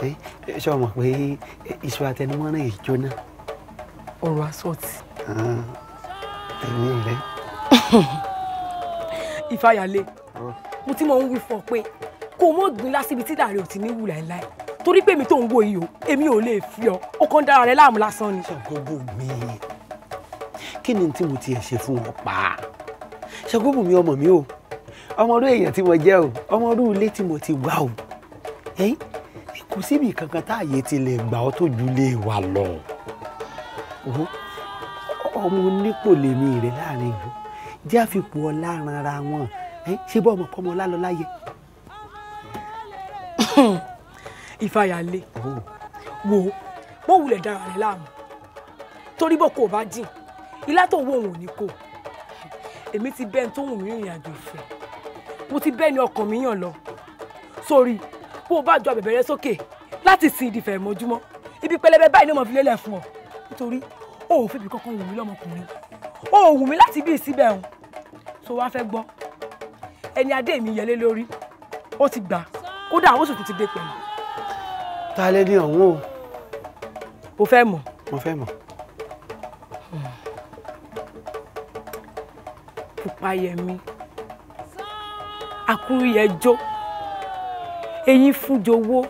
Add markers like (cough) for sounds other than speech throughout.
ṣé o mọ̀ pé iṣu atẹnumọ́rán yìí jóná. ọ̀rọ̀ asọ́ọ̀tì. Ah, èmi rẹ. (laughs) ìfàyàlẹ̀ mo ti mọ̀ ń wí fún ọ pé kò mọ̀ gbin lásìbi tí dàrẹ́ ò ti ní wù láéláé torí pé èmi tó ń wo yìí o èmi ò lè fi ọ ó kàn dára rẹ láàmú lásán ni. ṣàgóbù mi kí ni tí mo ti ẹ̀ ṣe fún ọ pa ṣàgóbù mi ọmọ mi o ọmọ ọdún èèyàn tí mo jẹ́ o ọmọ ọdún ilé tí mo ti wá o kò síbi kankan táàyè ti lè gbà ọ́ tó ju lè wà lọ ọmọ onípò lèmi rẹ láàrin ìlú jẹ́ àfipò ọlá ranra wọn ṣé bọ́ ọmọ pọ́mọ ọlá lọ láyé. (coughs) ìfàyàlé wo mo wulẹ̀ dára rẹ láàmú torí bó kò bá jìn ilá tó wọ òun ò ní kó èmi ti bẹ́ẹ̀ tó wù mí ìrìn àjò ìfẹ́ mo ti bẹ́ẹ̀ ni ọkàn mi yàn lọ sórí. So, bó o bá ju abẹ̀bẹ̀ rẹ sókè láti sin ìdìfẹ̀ mọ́júmọ́ ibi pẹlẹbẹ báyìí ni mo fi lélẹ̀ fún ọ nítorí o ò fi ibi kankan wù mí lọ́mọkùnrin o ò wù mí láti bí ìsíbẹ̀ ọ̀hún tó wá fẹ́ gbọ́ ẹni adé mi yẹlé lórí ó ti gbà kódà ó sì tún ti dé pẹ̀lú. ta lẹ ní ọ̀hún o. mo fẹ́ mọ̀. mo fẹ́ mọ̀. Pupayẹmí Akúrúyẹjọ́ eyín fún jowó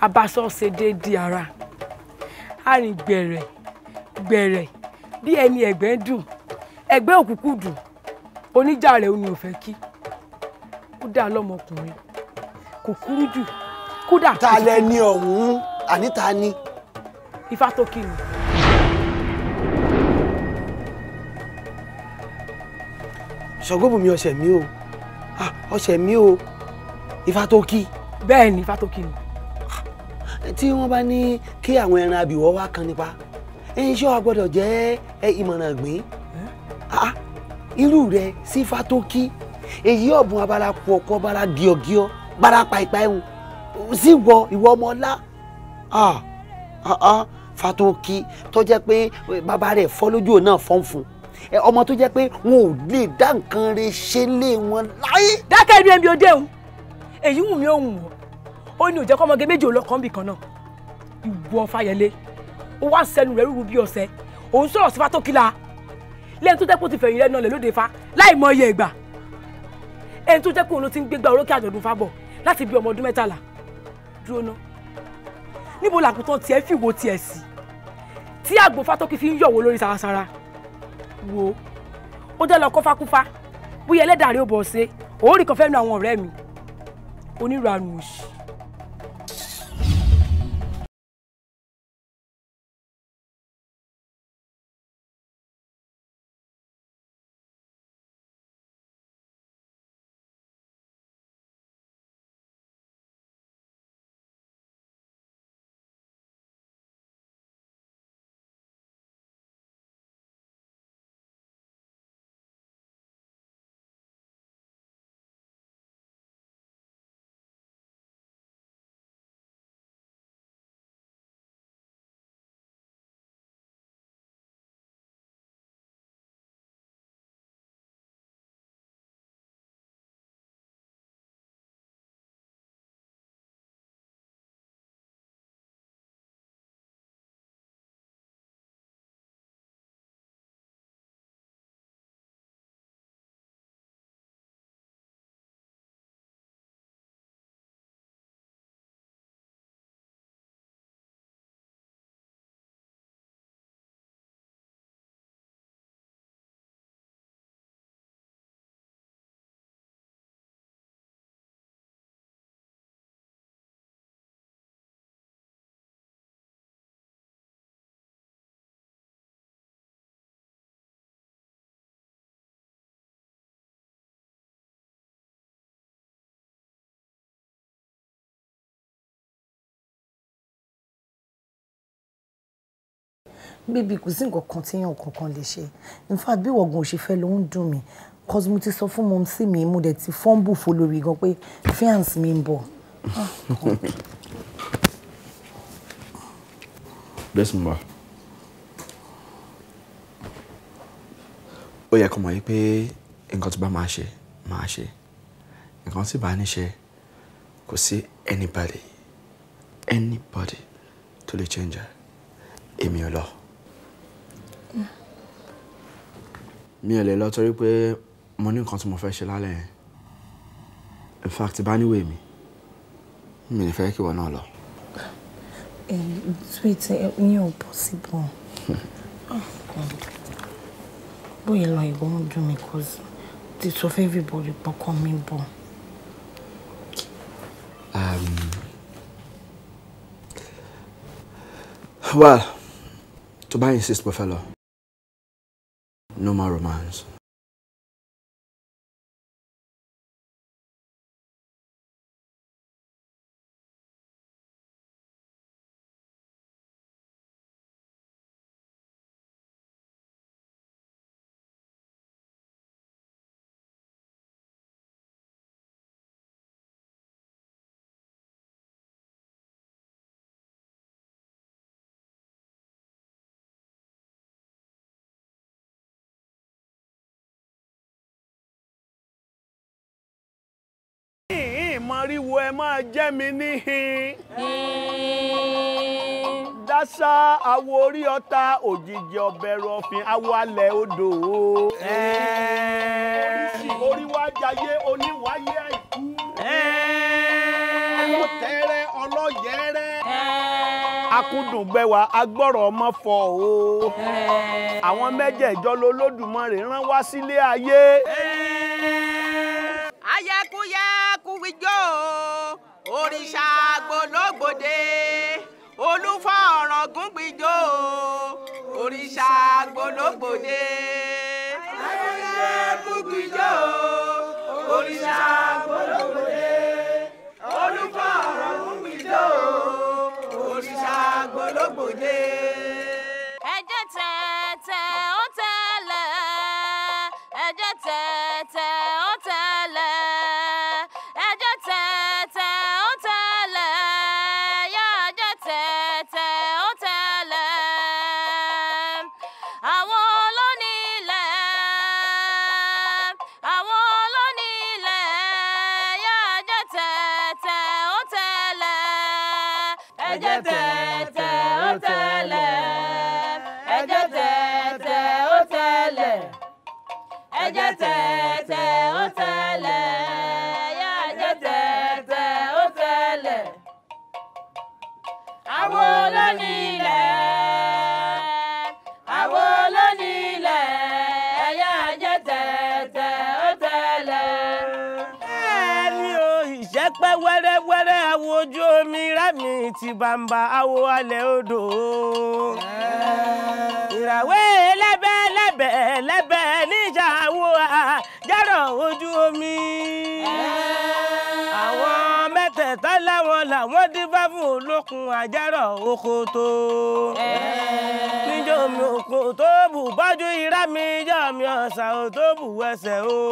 abasọ ṣe déédéé ara arìn gbẹ̀rẹ̀ gbẹ̀rẹ̀ bí ẹni ẹ̀gbẹ́ dùn ẹ̀gbẹ́ òkùnkùn dùn oníjà rẹ̀ ò ní òfẹ́ kí kó dà lọ́mọkùnrin kò kúrú jù kódà. ta lẹ ni ọ̀hún àní ta ni. ifá tó kí ni. ṣọgọ́bùnmi ọ̀sẹ̀ mi o ah, ọ̀sẹ̀ mi o ifá tó kí. bẹ́ẹ̀ ni ifá tó kí ni. tí wọ́n bá ní kí àwọn ẹran abìwọ́ wá kan nípa iṣẹ́ wa gbọ́dọ̀ jẹ́ ìmọ̀ràn gbìn ah, irú rẹ sífá tó kí èyí ọ̀bùn abaraku ọkọ bara gíọgíọ bara pàìpà ẹ̀hún sì wọ ìwọ ọmọ ọlá ah, ah, fatoki tó jẹ́ pé bàbá rẹ̀ fọ́ lójú òun náà fọ́n fún ọmọ tó jẹ́ pé wọn ò lè dá nǹkan rẹ̀ ṣe lé wọn láyé. dákẹ́ ibi ẹ̀mí òde o èyí wù mí ò wù ọ́ ó ní òjẹ́ kọ́mọge méjì olókan bì kan náà ìwọ Fáyẹlé ó wá ń rẹ̀ rúru bí ọ̀sẹ̀ òun sọ̀rọ̀ sífà tó kila lẹ́yìn tó tẹ́kùn ti fẹ̀yìn rẹ̀ náà lè lóde fa láì mọ iye ìgbà ẹni tó tẹ́kùn ló ti ń gbégbá orókè àjọ̀dún fábọ̀ láti bí ọmọ ọdún mẹ́tàlá dúró ná níbo làkùtàn tiẹ̀ fìwò tiẹ̀ sí tí àgbò fátókì fi ń wo lórí sarasara wo ó jẹ́ lọ kọ́fákúfá bóyá ẹlẹ́dàá rí ó bọ̀ ṣe òórì kan fẹ́ nu àwọn ọ̀rẹ́ mi oníranù òsì bíbí kò sí nǹkan kan téèyàn kankan lè ṣe in fact bí wọ̀gùn òṣìfẹ́ ló ń dùn mí cause mo ti sọ fún mọ́ sí mi mo dẹ̀ ti fọ́ǹbù fo lórí gan pé fiance mi ń bọ̀. bless ó yẹ kó mọ̀ yí pé nǹkan tó bá máa ṣe máa ṣe nǹkan tí bá ní kò sí anybody anybody to lè change ẹ̀ èmi ò lọ. mi ò lè lọ torí pé mo ní nǹkan tí mo fẹ́ ṣe lálẹ́ yẹn in fact bá níwèé mi mi ò fẹ́ kí wọn náà lọ. Eh, sweet ìyẹn eh, ò possible (laughs) ah, bóyá lọ ìwọ ń dùn mí cause ti sọ fún everybody pọkàn mi bọ̀. Um, well tó bá insist pé fẹ́ lọ. no more romance. máa ríwo ẹ máa jẹ́ mi níhin. dáṣà àwo orí ọta òjijì ọbẹ̀ rọ̀fin àwo alẹ̀ odò o. orí wa jayé oníwáyé àìkú. ọlọ́tẹ̀rẹ̀ ọlọ́yẹ̀rẹ̀. akúndùngbẹ̀wà agbọ́rọ̀ ọmọ fọ o. àwọn mẹ́jẹ̀ẹ̀jọ lolódùmarè rán wá sílé ayé. ayẹkuyẹ wíjọ́ òrìṣà gbológbòde olúfà ọ̀ràn gúngbìjọ́ òrìṣà gbológbòde. ayẹyẹ gúngbìjọ́ òrìṣà gbológbòde olúfà ọ̀ràn gúngbìjọ́ òrìṣà gbológbòde. mi ti bàǹbà awo alẹ́ odò. ìràwé lẹ́bẹ̀ lẹ́bẹ̀ lẹ́bẹ̀ níjà wo àjẹrọ̀ ojú omi. àwọn mẹ́tẹ̀ẹ̀ta láwọn làwọn díbá fún olókun àjẹrọ̀ òkòtó. níjọ́ mi òkòtó bù bọ́jú irá mi jọ́ mi ọ̀sà òtó bù ẹsẹ̀ o.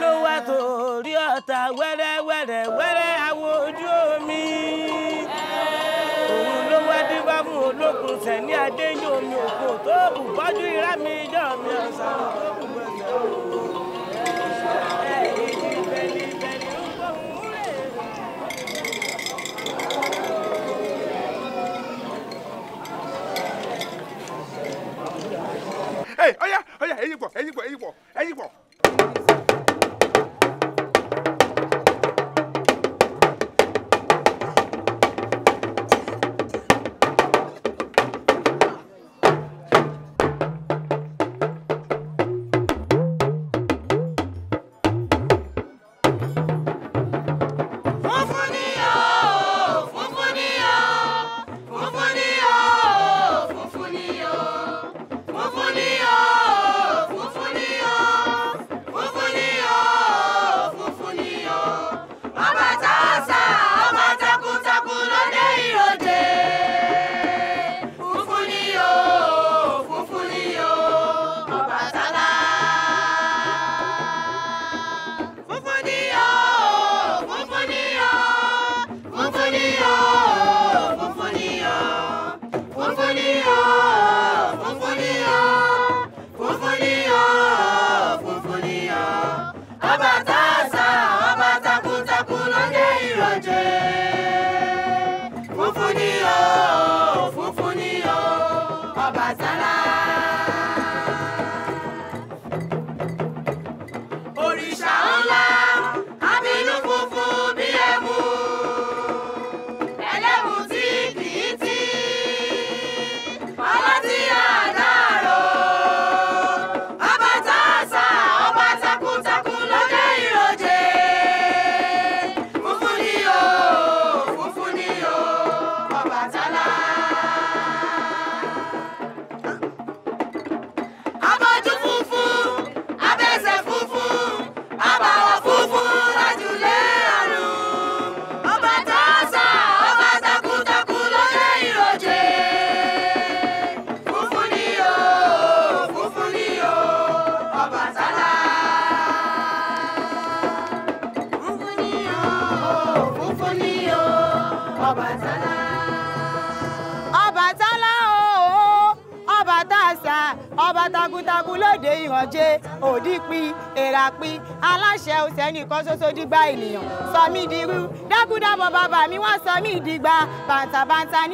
ló wá torí ọ̀tá wẹ́rẹ́wẹ́rẹ́ wẹ́rẹ́ àwọn ògùnsẹ̀ ní adéyọ̀mí òkú tó bù bọ́jú irá mi ìjọ mi ọ̀sán tó bù bẹ̀rẹ̀ ẹ̀ ìdí bẹ́lí bẹ́lí ó gbọ́ múlẹ̀. ẹ ọyá ọyá ẹ̀yin pọ̀ ẹ̀yin pọ̀ ẹ̀yin pọ̀ ẹ̀yin pọ̀.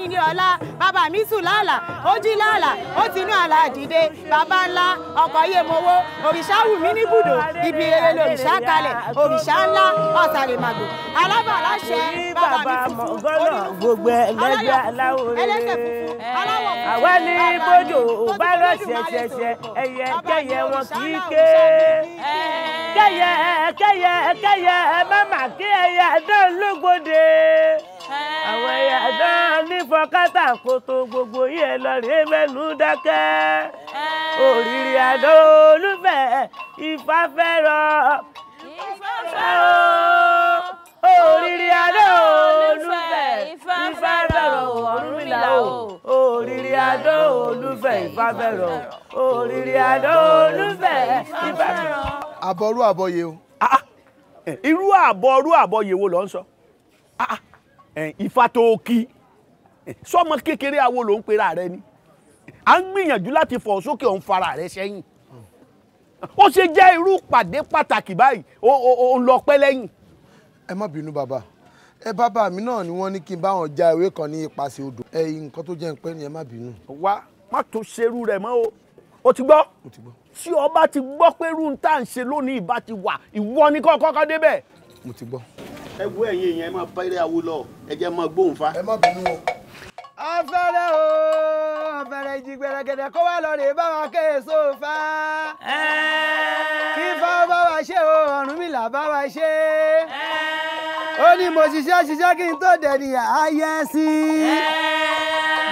ní ní ọlá bàbá mi sùn lálà ó jí lálà ó ti inú àlà dìde bàbá ńlá ọkọ̀ yé mowó òrìṣà wù mí níbùdó ibi eré lòrìṣà kalẹ̀ òrìṣà ńlá ọ̀sàrèmàgbò alábàláṣẹ bàbá mi funfun gbogbo ẹlẹgbẹ aláwọ rere àwa ní bójú bá lọ ṣẹṣẹṣẹ ẹyẹ kẹyẹ wọn kì í ké kẹyẹ kẹyẹ kẹyẹ ẹ má má kí ẹyẹ dán lógode àwọn ẹyẹ dán fọkátà kó tó gbogbo yìí ẹ lọ rèé mẹ́nu dákẹ́ òrìrì àdó olúfẹ́ ifá fẹ́rọ̀ ifá fẹ́rọ̀ òrìrì àdó olúfẹ́ ifá fẹ́rọ̀ ọ̀rúnmìlà o òrìrì àdó olúfẹ́ ifá fẹ́rọ̀ òrìrì àdó olúfẹ́ ifá fẹ́rọ̀. àbọ̀rú àbọ̀yè o. Ah, ah. irú àbọ̀rú àbọ̀yè wo ló ń sọ ah, ifá tó kí sọmọ kékeré awo ló ń pera rẹ ni à ń gbìyànjú láti fọ̀ sókè òun fara rẹ sẹ́yìn ó ṣe jẹ́ irú pàdé pàtàkì báyìí ó ń lọ pẹ́ lẹ́yìn. ẹ má bínú bàbá ẹ bàbá mi náà ni wọ́n ní kí n bá wọn já ewé kan ní ipasẹ̀ odò ẹ nǹkan tó jẹ́ ń pẹ́ ni ẹ má bínú. wá má tó ṣerú rẹ mọ́ o o ti gbọ́ tí ọba ti gbọ́ pé irú tá à ń ṣe lónìí ìbá ti wà ìwọ ni kọ́kọ́ kọ́ débẹ̀. mo ti gbọ́. ẹ wo ẹ̀yin èèyàn ẹ máa bá eré awo lọ ẹ jẹ́ máa gbóhùn fa. ẹ má bínú o ọ̀fẹ́rẹ́ o ọ̀fẹ́rẹ́ ìjì gbẹ̀rẹ̀gẹ̀dẹ̀ kó wá lọ rè bá wa ké èso fa. kí fa bá wa ṣe o Ọ̀rúnmìlà bá wa ṣe. ó ní mo ṣiṣẹ́ ṣiṣẹ́ kí n tó dẹ̀ni ayé sí i.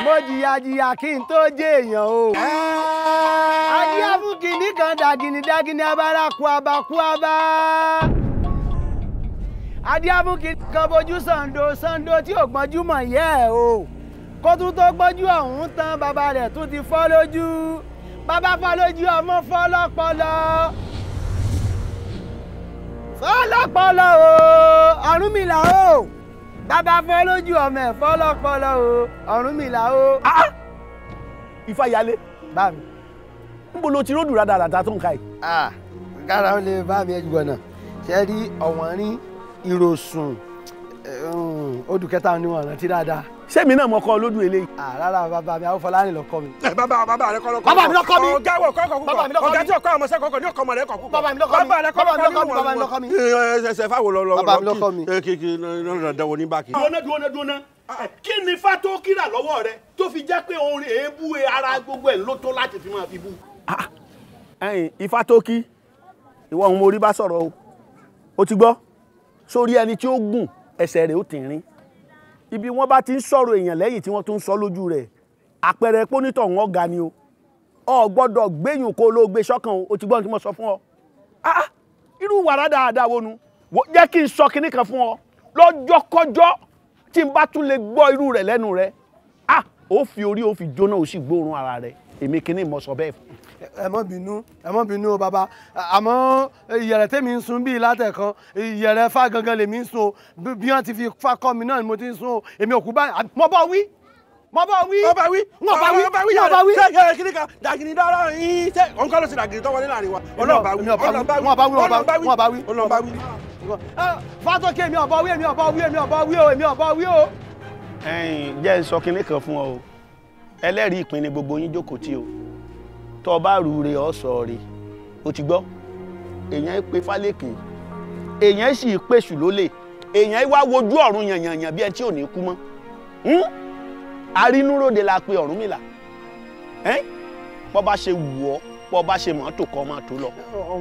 mo jìyà jìyà kí n tó jẹ́ èèyàn o. adíyá fún kìnní kan dàgìnì dàgìnì abara kú abá kú abá adíyá fún kìnní kan bojú sàǹdó sàǹdó tí ò gbọ́njú mọ̀ yẹ́ ẹ̀ o kó tún tó gbójú ọ̀hún tán bàbá rẹ̀ tún ti fọ́ lójú bàbá fọ́ lójú ọmọ fọ́ lọ́pọlọ fọ́ lọ́pọlọ o Ọ̀rúnmìlà o bàbá fọ́ lójú ọmọ ẹ̀ fọ́ lọ́pọlọ o Ọ̀rúnmìlà o. Ifá ah, ah! yálé. bá mi. níbo ló ti ródù rádaràda tó ń ka yìí. Ah, kára ó lè bá mi ẹjú gbọ̀nà ṣe rí ọ̀wọ́n rí ìròsùn eh, hmm, odù kẹta ni wọ́n rántí dáadáa sẹ́mi náà mọ kọ́ lójú eléyìí. rárá bàbá mi àwọn fọlárin ló mi. Eh, bàbá bàbá rẹ kọ́ ló kọ́ mi. bàbá mi ló kọ́ mi. ọ̀gá wọ̀ kọ́ kọ́ kúkọ ọ̀gá tí ọkọ àmọ́sẹ́ kọ́kọ́ ní rẹ kọ́ kúkọ. bàbá mi ló mi. bàbá mi ló kọ́ mi. bàbá mi ló kọ́ mi. ẹsẹ̀ eh, eh, fáwọn lọ lọ rọ kí dandanwo ní báàkì. dúnà dúnà dúnà ah, kí ni fató kíra lọ́wọ́ rẹ tó fi jẹ́ pé òun èébú ara gbogbo ẹ̀ ló láti fi máa fi bú. Ah, ah. ẹyin ifá kí ìwọ ohun mo rí bá sọ̀rọ̀ o ti gbọ́ sórí ẹni tí ó gùn ẹsẹ̀ rẹ̀ ó tìrín ibi wọ́n bá ti ń sọ̀rọ̀ èèyàn lẹ́yìn tí wọ́n tún ń sọ lójú rẹ̀ àpẹẹrẹ pónítọ̀ wọn ga ni o ọ gbọ́dọ̀ gbẹ̀yìn kó ló gbé sọ́kàn o ti gbọ́n tí mo sọ fún ọ ah, ah irú wàrà dáadáa wo nu jẹ́ kí n sọ kinní kan fún ọ lọ́jọ́kọ́jọ́ tí n bá tún lè gbọ́ irú rẹ̀ lẹ́nu rẹ̀ ah ó fi orí ó fi jóná ó sì gbóòórùn ara rẹ̀ èmi kinní mo sọ bẹ́ẹ̀ fún ẹ má bínú ẹ má bínú o bàbá àmọ́ ìyẹ̀rẹ̀ tèmi ń sun bíi látẹ̀kan ìyẹ̀rẹ̀ fa gangan lèmi ń sun bí wọ́n ti fi fa kọ́ mi náà ni mo ti ń sun o èmi ò kú báyìí mo bá wí mo bá wí mo bá wí mo bá wí mo bá wí mo bá wí ṣe kiri ka dàgìrì dára yín ṣe òun kọ́ ló ṣe dàgìrì tọ́wọ́ nílànà ìwà ọlọ́ọ̀bá wí ọlọ́ọ̀bá wí ọlọ́ọ̀bá wí ọlọ́ọ̀bá wí ọlọ́ọ̀bá wí. fátókè mi ọ̀bọ wí èmi ọ̀bọ wí èmi ọ̀bọ wí o èmi ọ̀bọ wí o. ẹyin jẹ́ n kan fún ọ ẹlẹ́rìí ìpín gbogbo yín jókòó tí o tó o bá rú re ọ sọ re o ti gbọ́ èèyàn pe fálẹ́kè èèyàn sì pèsù lólè èèyàn wá wojú ọ̀run yànyànyàn bí ẹni tí ò ní kú mọ́ hmm? arínúròde la pe Ọ̀rúnmìlà bọ́ bá ṣe wù ọ́ bọ́ bá ṣe mọ́tò kọ́ máa tó lọ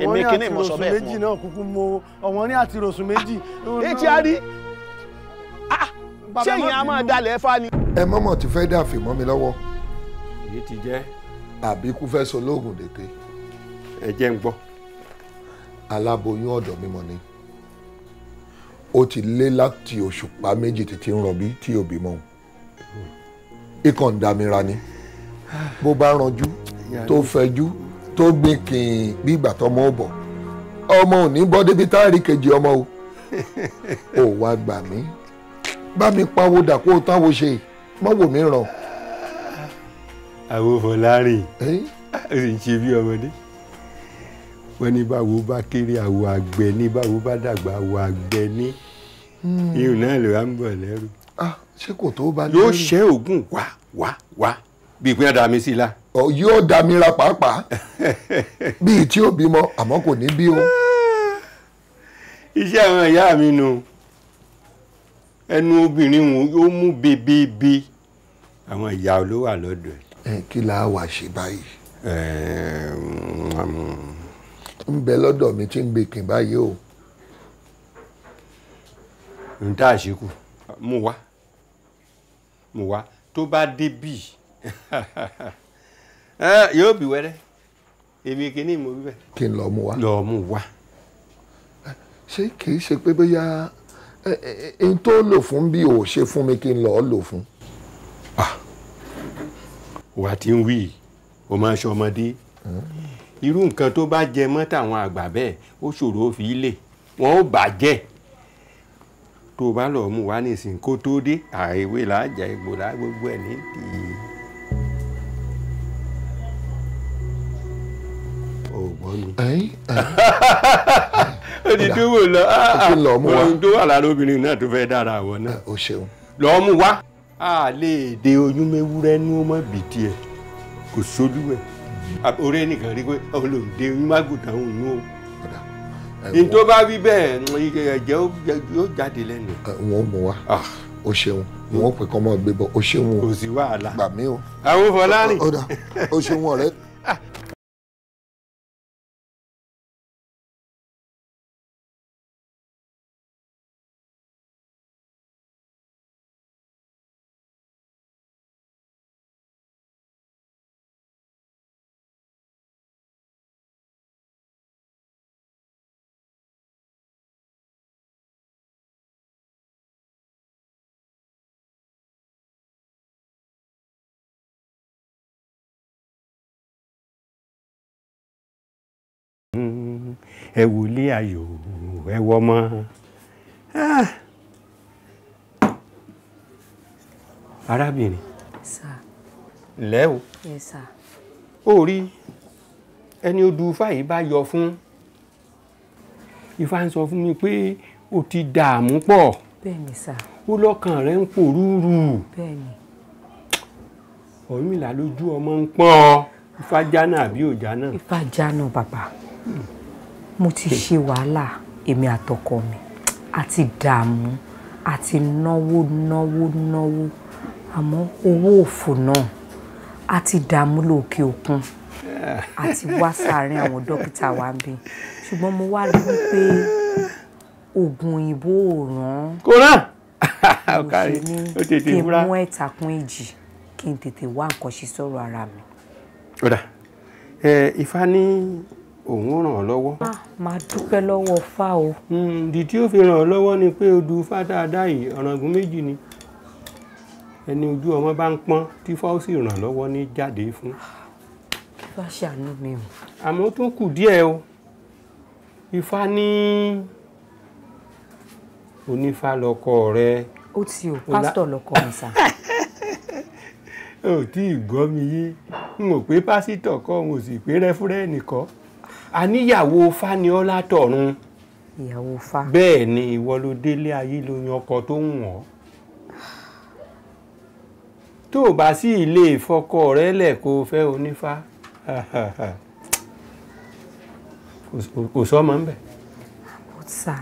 èmi kí ni mo sọ bẹ́ẹ̀ fún ọ. ọ̀wọ́n ní àti rosùn méjì náà kúkú mo ní àti rosùn méjì. etí a rí ah, ṣé ìyẹn a máa dalẹ̀ fa ni. ẹ mọ́mọ́ ti fẹ́ dàfẹ́ mọ́ mi lọ́wọ́. èyí ti jẹ́ àbí kú fẹ́ sọ lóògùn dèké. ẹ jẹ́ ń gbọ́. aláboyún ọ̀dọ̀ mímọ ni ó ti lé láti òṣùpá méjì títí ń rọbí tí ò bímọ ikàn damira ni bó bá ranjú tó fẹjú tó gbin kìnyín bí ìgbà tọmọ ò bọ ọmọ ò ní bọ́ débi tá kejì ọmọ o ò (laughs) wá gbà mí bá mi pawó dà kó o táwo ṣe má wò ràn àwọn fọlárìn ah, ó sì ń ṣe bí ọmọdé wọ́n ní báwo bá kéré àwọ̀ àgbẹ̀ ní báwo bá dàgbà àwọ̀ àgbẹ̀ ní hmm. ihò náà ló wá ń bọ̀ lẹ́rù. Ah, ṣé kò tó bá lẹ́rù. yóò ṣẹ́ oògùn wá wá wá bíi pé ọ̀dà sí la. yóò dà mí ra pàápàá (laughs) bíi tí ó bímọ àmọ́ kò ní bí o. Ah, iṣẹ́ àwọn ìyá mi nu ẹnu obìnrin wọn ó mú bebebe àwọn ìyá ló wà lọ́dọ̀ ẹ̀ kí la wà ṣe báyìí. ń bẹ lọ́dọ̀ mi tí ń bekin báyìí o. n tá àṣekù mú wá mú wá tó bá débì (laughs) yóò bì wẹ́rẹ́ èmi kìíní mo wí bẹ́ẹ̀. kí n lọ mú wá. lọ mú wá. ṣé kì í ṣe pé bóyá n tó lò fún bí o ṣe fún mi kí n lọ lò fún. ah wà tí ń wí o máa ń ṣọmọdé irú nǹkan tó bá jẹ mọ́ tàwọn àgbà bẹ́ẹ̀ ó ṣòro fi lè wọ́n ó bàjẹ́ tó o bá lọ mú wa nísìn kó tó dé àìwé làájà egbò là gbogbo ẹ̀ ní tì í. ògbọ́n mi. ó ti dúró lọ ohun tó wà lára obìnrin náà tó fẹ́ dára àwọn náà. ó ṣeun. lọ́ọ́ mú wa a lè de oyún méwúrẹ́ ní ọmọ bìtì ẹ̀ kò sójú ẹ̀ orí ẹnìkan rí pé òun lòún de oyún mágùtàn òun ní o n tó bá wí bẹ́ẹ̀ ẹ̀jẹ̀ yóò jáde lẹ́nu. wọn mú wa o ṣeun wọn pè kọ́ mọ́ gbé bọ́ o ṣeun o. kò sí wàhálà gbà mí o. àwọn fọlá rìn. o ṣeun ọ̀rẹ́. ẹ wò ilé ayò ẹ wọ ọmọ ah. arábìnrin lẹ́ o ó rí ẹni odù fàyè bá yọ fún ifá ń sọ fún mi pé o ti dààmú pọ̀ ó lọ́kàn rẹ̀ ń pòrúurú Ọ̀rúnmìlà lójú ọmọ ń pọ́n ọ ifá jánà àbí òjá náà. ifá jánà bàbá. Hmm mo ti ṣe wàhálà èmi àtọkọ mi àti dààmú àti náwó náwó náwó àmọ́ owó òfò náà àti dààmú lókè òkun àti wá sáàárín àwọn dókítà wa ń bí ṣùgbọ́n mo wá rí wípé oògùn òyìnbó ò ràn. kò rán (laughs) ọkàrí ó tètè kí n mú ẹ̀tàkùn èjì kí n tètè wá nǹkan ṣe sọ̀rọ̀ ara mi. ọ̀dà ní òun ràn ọ́ lọ́wọ́. Ah, màá dúpẹ́ lọ́wọ́ fá o. Hmm, ìdí tí ó fi ràn ọ́ lọ́wọ́ ni pé odù fádàdá yìí ọ̀ràngún méjì ni ẹni ojú ọmọ bá ń pọ́n tí fáwọ́sì ràn lọ́wọ́ ní jáde fún. kí wá ṣàánú mi o. àmọ́ ó tún kù díẹ̀ o ifá ní onífá lọkọ rẹ. ó ti o pásítọ̀ lọkọ mi sá. (laughs) ò tí ì gbọ́ mi yé n ò pé pásítọ̀ kọ́ n ò sì pé rẹ́fúrẹ́ẹ̀nì kọ́ àníyàwó faniola tọ̀run. ìyàwó fa. bẹ́ẹ̀ ni ìwọ ló délé ayé ló yan ọkọ tó ń wọ̀n. tó o bá sí ilé ìfọkọ rẹ lẹ̀ kó o fẹ́ onífá kò sọ́mọ ń bẹ̀. sà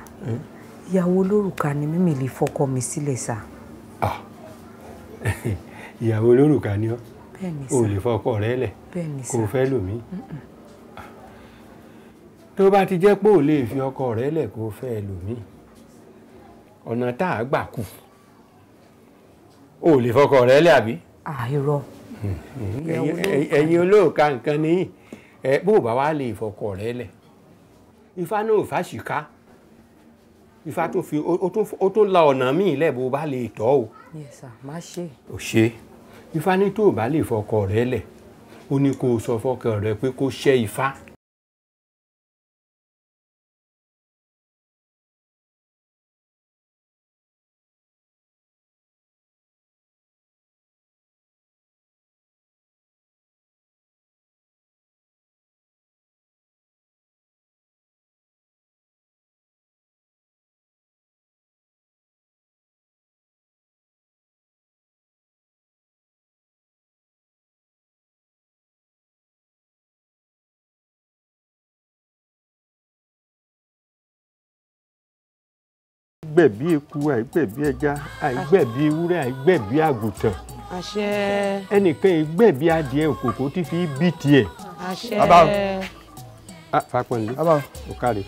ìyàwó olórùka ni mímì lè fọkọ mi sílẹ̀ sà. Ah, (laughs) ìyàwó olórùka ni ọ́ o lè fọkọ rẹ lẹ̀ kó o fẹ́ lòmíì tó bá ti jẹ́ pé ò lè fi ọkọ rẹ lẹ̀ kó fẹ́ ẹlòmíì ọ̀nà tá a gbà kù ò lè fọkọ rẹ lẹ̀ àbí. àìrọ. Hmm, hmm. ẹ̀yin olóòka nǹkan nìyí ẹ bó o bá wá lè fọkọ rẹ lẹ̀ ifá náà fàṣìká ifá tó fi ó tó la ọ̀nà míì lẹ̀ bó bá lè tọ́ o. yes sir má ṣe. ò ṣe ifá ní tó o bá lè fọkọ rẹ lẹ̀ ó ní kó o sọ fọkọ rẹ pé kó ṣẹ́ ifá. àìgbẹ̀bí eku àìgbẹ̀bí ẹja àìgbẹ̀bí ewúrẹ́ àìgbẹ̀bí àgùntàn àṣẹ ẹnìkan ìgbẹ̀bí adìẹ òkòkò tí fi bí tiẹ̀. àṣẹ ah, fapọ̀nlé òkàlè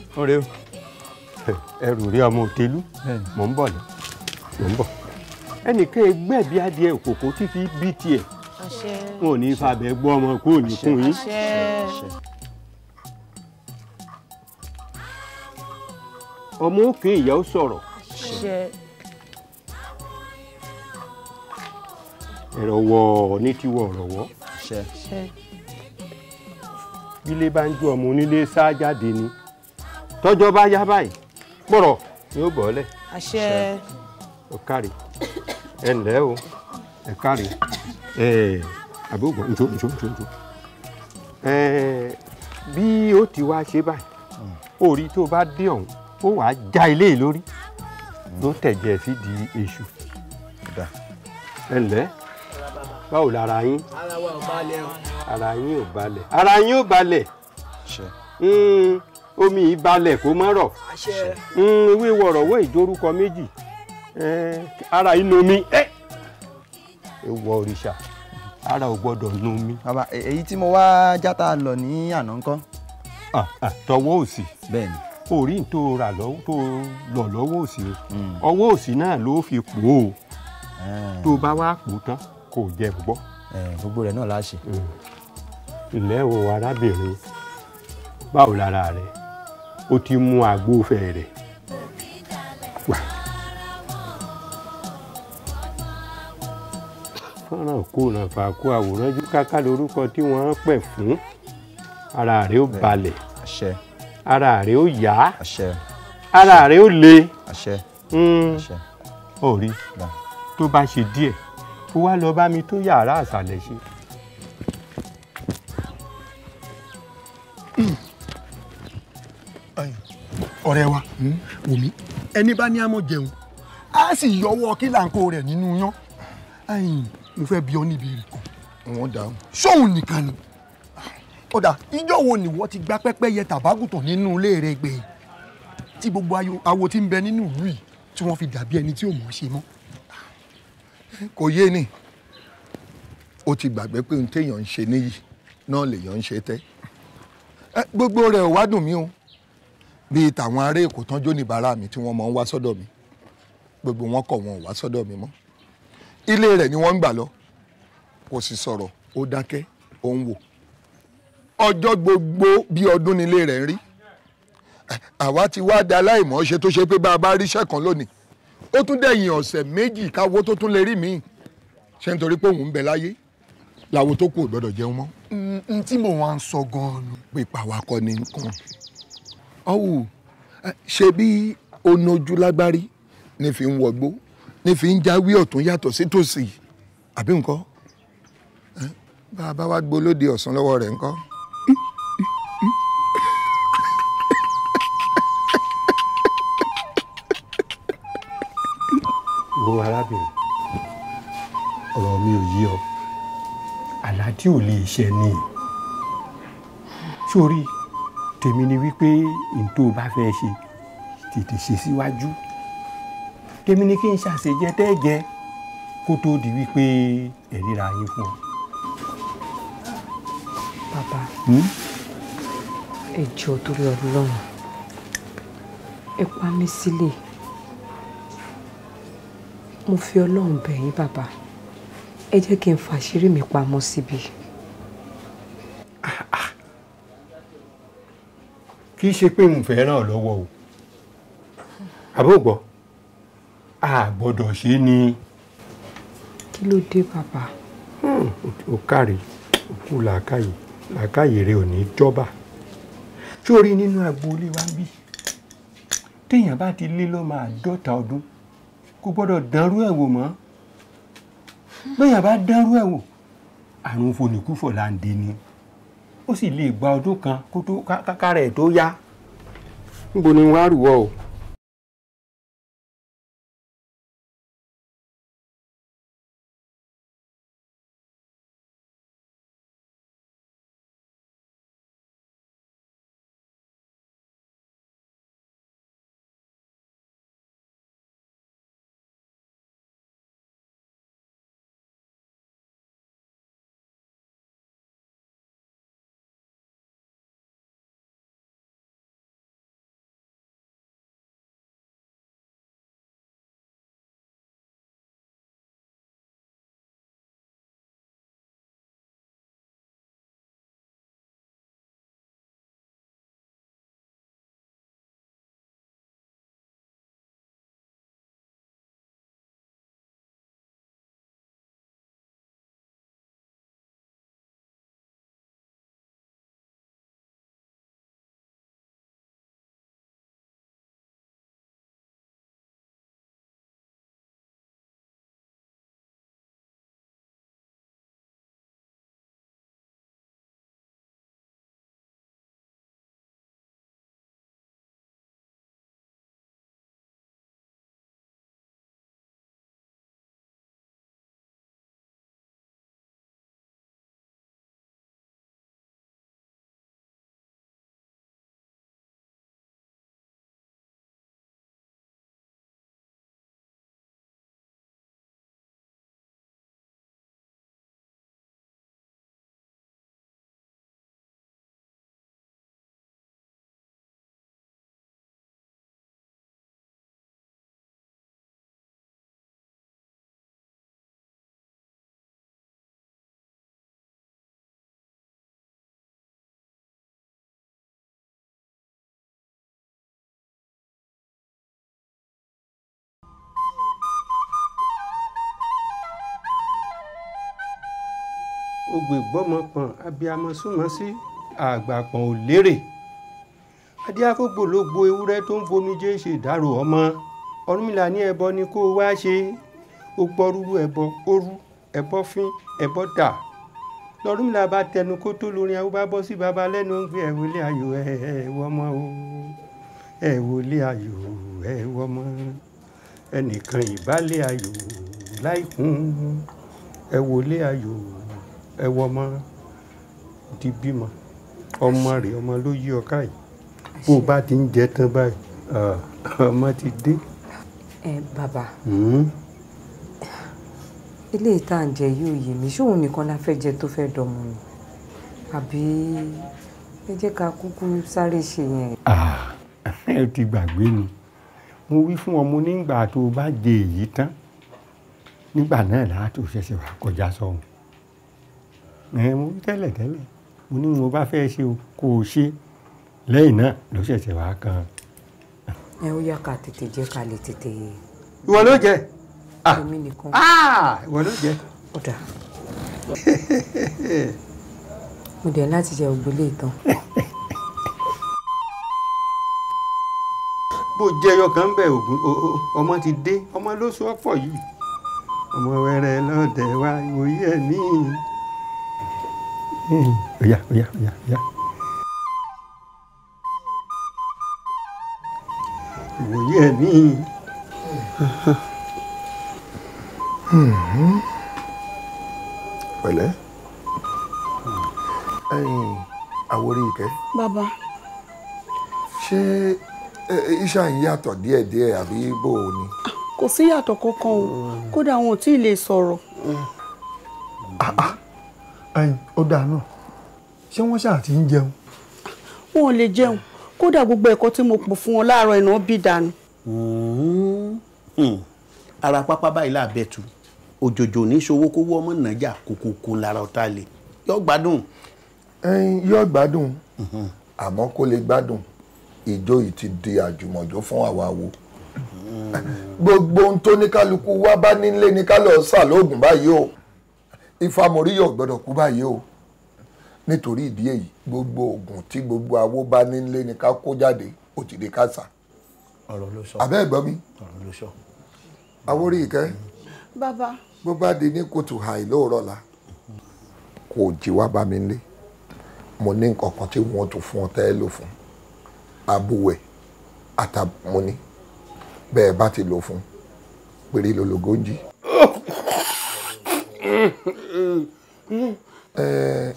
ẹrù rí ọmọ òtélú mò ń bọ̀ lọ mò ń bọ̀ ẹnìkan ìgbẹ̀bí adìẹ òkòkò tí fi bí tiẹ̀ wọn ò ní fàbẹ́ gbọ́ ọmọ kó ní kún yín. ọmọ òkè ìyá ó sọ̀rọ̀ Shit. ìrọ̀wọ́ ní tiwọ̀ rọ̀wọ́. ṣe. ṣe. ilé bá ń ju ọmọ onílé sá jáde ni tọ́jọ́ bá yá báyìí pọ̀rọ̀ ni ó bọ̀ọ́lẹ̀. àṣẹ. ó kárí ẹ o ẹ kárí ẹ àbúgbọ̀n njó njó njó njó ẹ bí ó ti wá ṣe báyìí hmm. orí tó bá dé ọ̀hún ó wàá já ilé lórí ló tẹ̀jẹ̀ sídìí èṣù. ẹ ǹlẹ́ báwo lára ara wa ò balẹ̀ o. ara yín ò balẹ̀. ara yín ò balẹ̀. Hmm, omi yìí balẹ̀ kó mọ́ rọ̀. ewé hmm, wọ̀rọ̀wé ìdórúkọ méjì ara yìí nomi ẹ wọ òrìṣà ara ò gbọ́dọ̀ nomi. bàbá e-, èyí tí mo wá játa lọ ní àná ńkọ́. tọwọ́ òsì. bẹ́ẹ̀ ni orí tó rà lọ́wọ́ tó lọ lọ́wọ́ òsì hmm. ọwọ́ òsì náà ló fi pò ó eh. tó bá wá pò tán kò jẹ gbọ́. Eh, gbogbo rẹ̀ náà la ṣe. ilé hmm. wo arábìnrin báwo lára rẹ̀ ó ti mú agbófẹ́ rẹ̀ fọ́nrán kó ràn fà kó àwòrán jú káká lórúkọ tí wọ́n pẹ̀ fún ara rẹ̀ ó balẹ̀ ara rẹ ó yá ara rẹ ó le orí hmm. tó bá ṣe díẹ̀ kó wá lọ bá mi tó yàrá àṣàlẹ̀ ṣe. ọ̀rẹ́ wa omi hmm? ẹni bá ní àmọ́ jẹun á sì yọwọ́ kí láǹkó rẹ̀ nínú yán mo fẹ́ bi ọ́ níbi rẹ̀ kan. wọ́n dáhùn. sóun nìkan ni ọ̀dà ìjọ́ wo ni wọ́n ti gba pẹ́pẹ́yẹ tàbágùtàn nínú ilé rẹ gbé tí gbogbo awo ti ń bẹ nínú ìlú yìí tí wọ́n fi dàbí ẹni tí ò mọ̀ ọ́ ṣe mọ́. kò yé ni o ti gbàgbé pé ohun téèyàn ń ṣe níyì náà lèèyàn ń ṣe tẹ́ gbogbo rẹ̀ ò wá dùn mí o bíi tàwọn ará èkó tán jóníbàárà mi tí wọ́n mọ̀ ń wá sọ́dọ̀ mi gbogbo wọn kọ̀ wọn ò wá sọ́dọ̀ mi mọ́ ilé rẹ̀ ni wọ́n ń gbà lọ kò sì sọ̀rọ̀ ó dákẹ́ ó ń wò ọjọ́ gbogbo bí ọdún nílé rẹ̀ ń rí àwa ti wá da aláìmọ̀ ṣe tó ṣe pé bá a bá ríṣẹ́ kan lónìí ó tún dẹ̀yìn ọ̀sẹ̀ méjì káwó tó tún lè rí mi ṣe nítorí pé òun ń bẹ láyé làwọn tó kù ò gbọ́dọ̀ jẹun mọ́. n tí mò ń wá ń sọ gan-an pé pàwákọ ni nǹkan ọ̀hún ṣe bí onojú lágbárí ní fi ń wọgbó ní fi ń jáwé ọ̀tún yàtọ̀ sí tòsí àbí nǹkan bá a bá wá gbọ́ lóde ọ̀sán lọ́wọ́ rẹ̀ nǹkan. gbọ́ arábìnrin ọ̀rọ̀ mi ò yé ọ aládì ò lè ṣe ni sórí tèmi ni wípé ntó o bá fẹ́ ṣe tètè ṣe síwájú tèmi ni kí n ṣàṣejẹ tẹ́ẹ̀jẹ kó tó di wípé ẹ̀ríra yín fún ọ. bàbá hmm? ẹ jọ̀ọ́ torí Ọlọ́run ẹ pa mí sílẹ̀. Si mo fi ọlọ́run bẹ̀ yín bàbá ẹ jẹ́ kí n fàṣírí mi pamọ́ síbi. kì í ṣe pé mo fẹ́ ràn ọ́ lọ́wọ́ o àbógbọ́ a gbọ́dọ̀ ṣe ni. kí ló dé bàbá. ó hmm, kárí òkú làákàyè làákàyè rẹ ò ní jọba sórí nínú agboolé wa bí téèyàn bá ti lé lọ́mọ àádọ́ta ọdún kò gbọ́dọ̀ dánrú ẹ̀ wò mọ́ bẹ́yàn bá dánrú ẹ̀ wò àrùn fonikúfọ̀ là ń de ni ó sì lè gba ọdún kan kó tó kára ẹ̀ tó yá níbo ni wọ́n á rù wọ́ o. ogbè gbọ́mọpọ̀n abiyamọ súnmọ́ sí àgbàpọ̀n ò lérè adíáfógbò ló gbo ewúrẹ́ tó ń fomijé ṣe ìdárò ọmọ ọ̀rúnmìlà ní ẹbọ ni kó o wá ṣe ó gbọ́rúrú ẹbọ ó rú ẹbọ fín ẹbọ dà lọ́rúnmìlà bá tẹnu kó tó lórin ẹ̀ ó bá bọ́ sí baba lẹ́nu ó ń gbé ẹ̀wọ̀ ilé ayò ẹ̀wọ̀ ọmọ o ẹ̀wọ̀ ilé ayò ẹ̀wọ̀ ọmọ ẹnìkan ìbálẹ̀ ayò láìkún ẹ̀wọ̀ ilé ayò ẹ wọ ọmọ di bímọ ọmọ rẹ̀ ọmọ ló yí ọ káyìí bó o bá ti ń jẹ tán báyìí ọmọ ti dé. ẹ bàbá hmm? ilé ìta ń jẹ yóò yé mi ṣóun nìkan la fẹ́ jẹ tó fẹ́ dọmọ ni àbí ẹ jẹ́ ká kúkú sáré ṣe yẹn. ẹ ti gbàgbé ni mo wí fún ọmọ nígbà tó o bá jẹ èyí tán nígbà náà láti ṣẹ̀ṣẹ̀ wá kọjá sọ́hun ẹ̀ mo wí tẹ́lẹ̀ tẹ́lẹ̀ mo ní mo bá fẹ́ ṣe kó o ṣe lẹ́yìn náà ló ṣẹ̀ṣẹ̀ wá kan. ẹ ó yá ká tètè jẹ ká lè tètè. ìwọ ló jẹ ah! èmi nìkan ah! ìwọ ló jẹ. ó dà mo dẹ̀ láti jẹ ògbólé ìtàn. bó jẹ ẹyọ kan bẹ ògùn ọmọ ti dé ọmọ ló sọ pọ yìí ọmọ wẹrẹ lọdẹ wa ìwòye ẹ níyì. Oya mm. oya oya oya. Ìwòye mi. Mm-hmm. Pẹ̀lẹ́. Àwòrán ìkẹ́. Bàbá. Ṣé iṣẹ́ àyìn yàtọ̀ díẹ̀díẹ̀ àbí bò ó ni? Kò sí yàtọ̀ kankan o, mm. kódà wọn ò tí ì lè sọ̀rọ̀. Mm. Ah, ah ẹyin ó dáa náà ṣé wọ́n ṣáà ti ń jẹun. wọn ò lè jẹun kódà gbogbo ẹ̀kọ́ tí mo pò fún wọn láàárọ̀ iná bí dànù. Hmm. ara pápá báyìí láàbẹ̀tù òjòjò ní ṣòwò kówó ọmọ nàjà kòkòkò lára ọ̀tá lè yọ gbádùn. ẹyin yọ gbádùn mhm. àmọ́ kó lè gbádùn ìjọ yìí ti di àjùmọ̀jọ́ fún àwa wo hmm. gbogbo ohun tó ní kálukú wá bá nílé ní ká lọ sà lóògùn báyìí o ìfàmọ̀ríyọ̀ gbọ́dọ̀ kú báyìí o nítorí ìdí èyí gbogbo oògùn tí gbogbo awo bá nílé ni ká kó jáde ó ti di kásà. ọ̀rọ̀ ló sọ abẹ́ ẹ̀gbọ́n mi. ọ̀rọ̀ ló sọ. awórí ìkẹ́. bàbá. bó bá di ní kòtò àì lóòrọ̀ la kò jí wá bá mi lé mo ní nǹkan tí wọ́n tún fún ọ tẹ́ ẹ lò fún abúwẹ̀ àtàmúni bẹ́ẹ̀ bá ti lò fún péré lológo (laughs)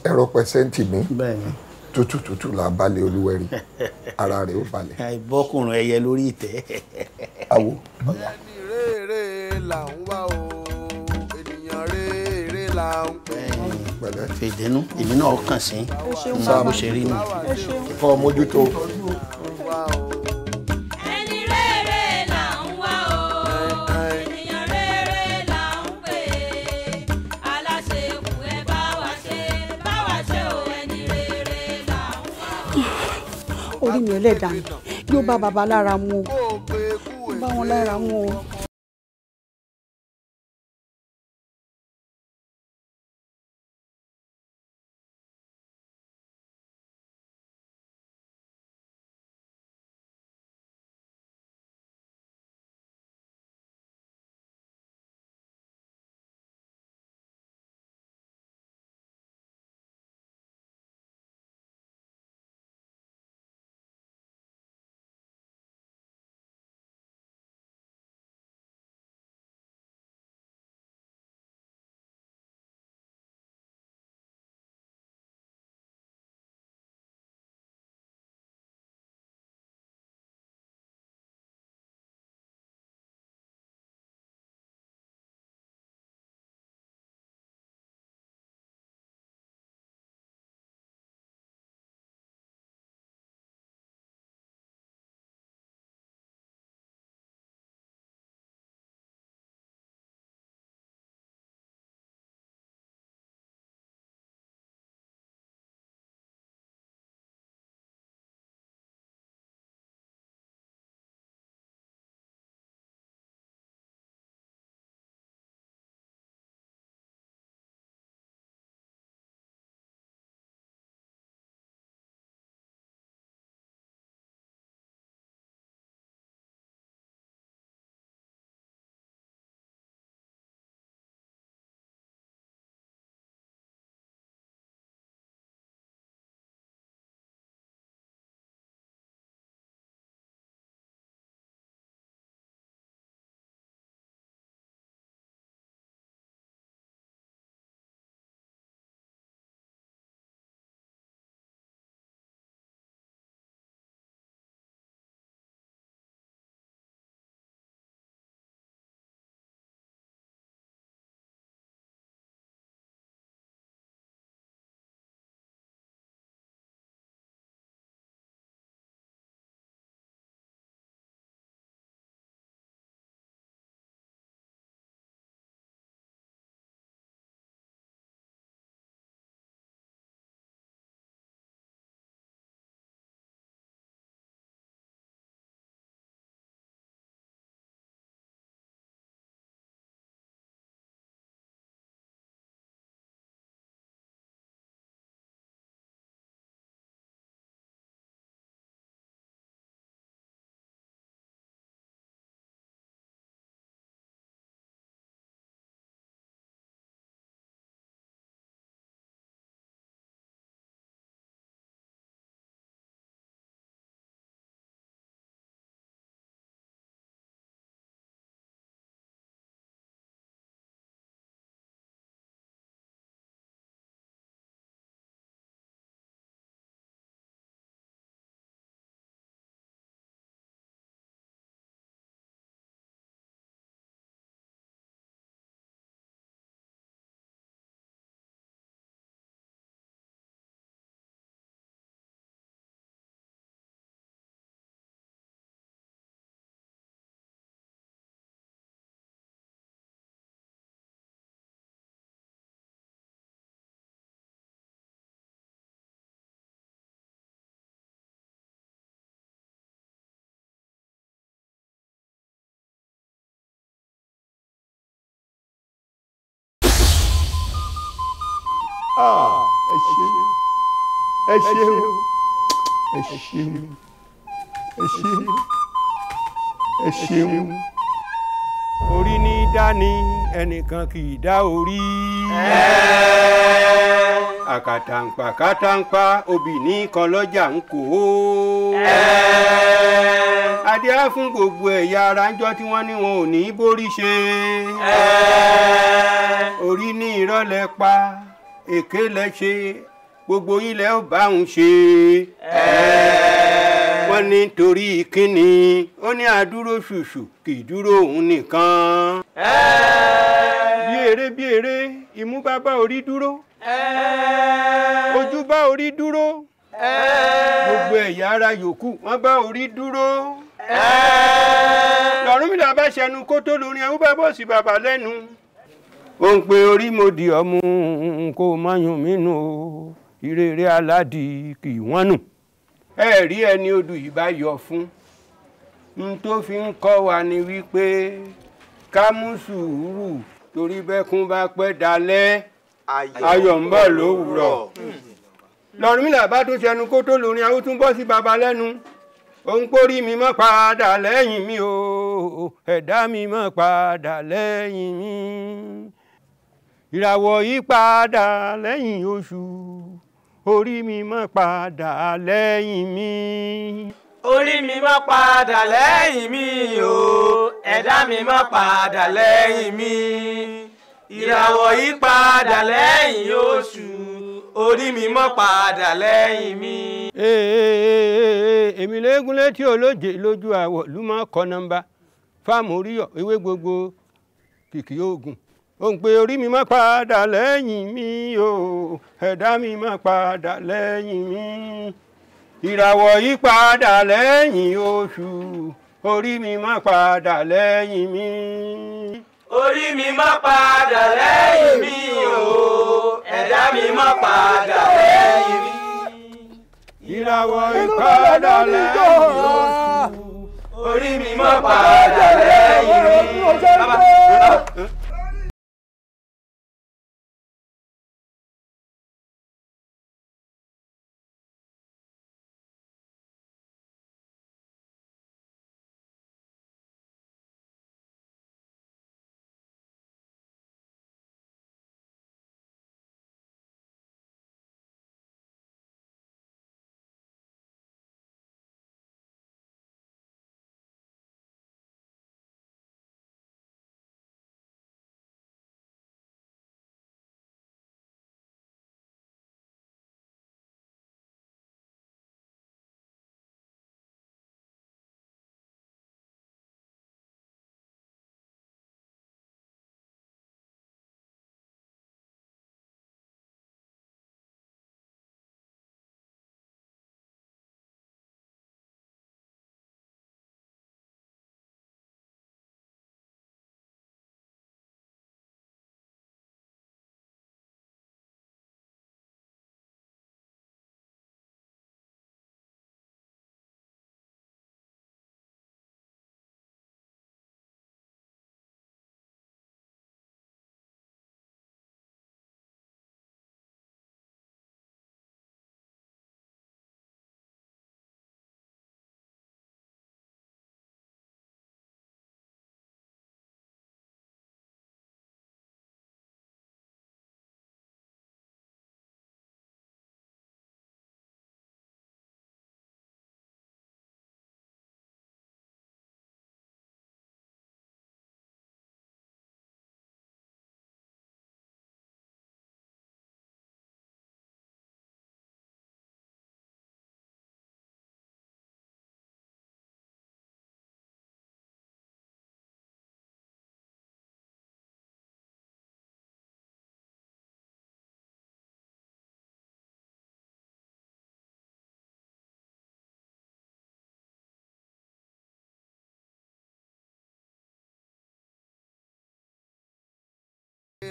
ẹ̀rọ pẹ̀sẹ́ǹtì mi tútù tútù là balẹ̀ olúwẹ̀rí ara rẹ̀ ó balẹ̀. àìbọ́kùnrin ẹyẹ lórí ìtẹ́. àwo. ẹni rere là ń wá o ènìyàn rere là ń pè pẹ̀lẹ́. fèdénú èmi náà kàn sí bá a ṣe rí mi. kọ́ mójútó. èèyàn ẹlẹ́dàá yóò bá baba lára mu o bá wọn lára mu o. Ah, ah, ẹ ṣe ẹ ṣe o ẹ ṣeun ẹ ṣe ẹ ṣeun. orí ní dání ẹnìkan kì í dá orí. àkàtàǹpà kàtàǹpà obì ní kan lọ́jà ń kó o. adé á fún gbogbo ẹ̀yà ara ń jọ tí wọ́n ní wọn ò ní bórí ṣe. orí ní ìrọ̀lẹ́ pa èké lẹ ṣe gbogbo yín lẹ ó bá òun ṣe. wọ́n ní torí kíni ó ní àdúró ṣùṣù kì í dúró òun nìkan. bí eré bí eré imú bá bá orí dúró ojú bá orí dúró gbogbo ẹ̀yà ara yòókù wọ́n bá orí dúró lọ́rùn mi là ṣẹnu kó tó lórí ẹ̀ ń bá bọ́ọ̀sì bàbá lẹ́nu ó ń pe orí mo di ọmú kó máyùn mí nù o ìrere aládì kì wọ́n nù. ẹ rí ẹni odù yìí bá yọ fún n tó fi ń kọ́ wa ni wípé ká mú sùúrù torí bẹ́kún bá pẹ́ dalẹ́ ayọ̀ ń bọ̀ lówùrọ̀. lọ́rùmílà bá tó ṣẹnu kó tó lórin àwọn tó ń bọ́ sí baba lẹ́nu òun pórí mi mọ́ padà lẹ́yìn mi o ẹ̀dá mi mọ́ padà lẹ́yìn mi ìràwọ̀ yí padà lẹ́yìn oṣù orí mi má padà lẹ́yìn mi. orí mi má padà lẹ́yìn mi o ẹ̀dá mi má padà lẹ́yìn mi ìràwọ̀ yí padà lẹ́yìn oṣù orí mi má padà lẹ́yìn mi. èmi léegun létí olóje lójú àwọ̀ ló máa kọ́ nọ́mbà fáàmù oríyọ̀ ewé gbogbo kìkì oògùn òun pé orí mi má padà lẹ́yìn mi o ẹ̀dá mi má padà lẹ́yìn mi ìràwọ̀ yí padà lẹ́yìn oṣù orí mi má padà lẹ́yìn mi. orí mi má padà lẹ́yìn mi o ẹ̀dá mi má padà lẹ́yìn mi. ìràwọ̀ yí padà lẹ́yìn oṣù orí mi má padà lẹ́yìn mi.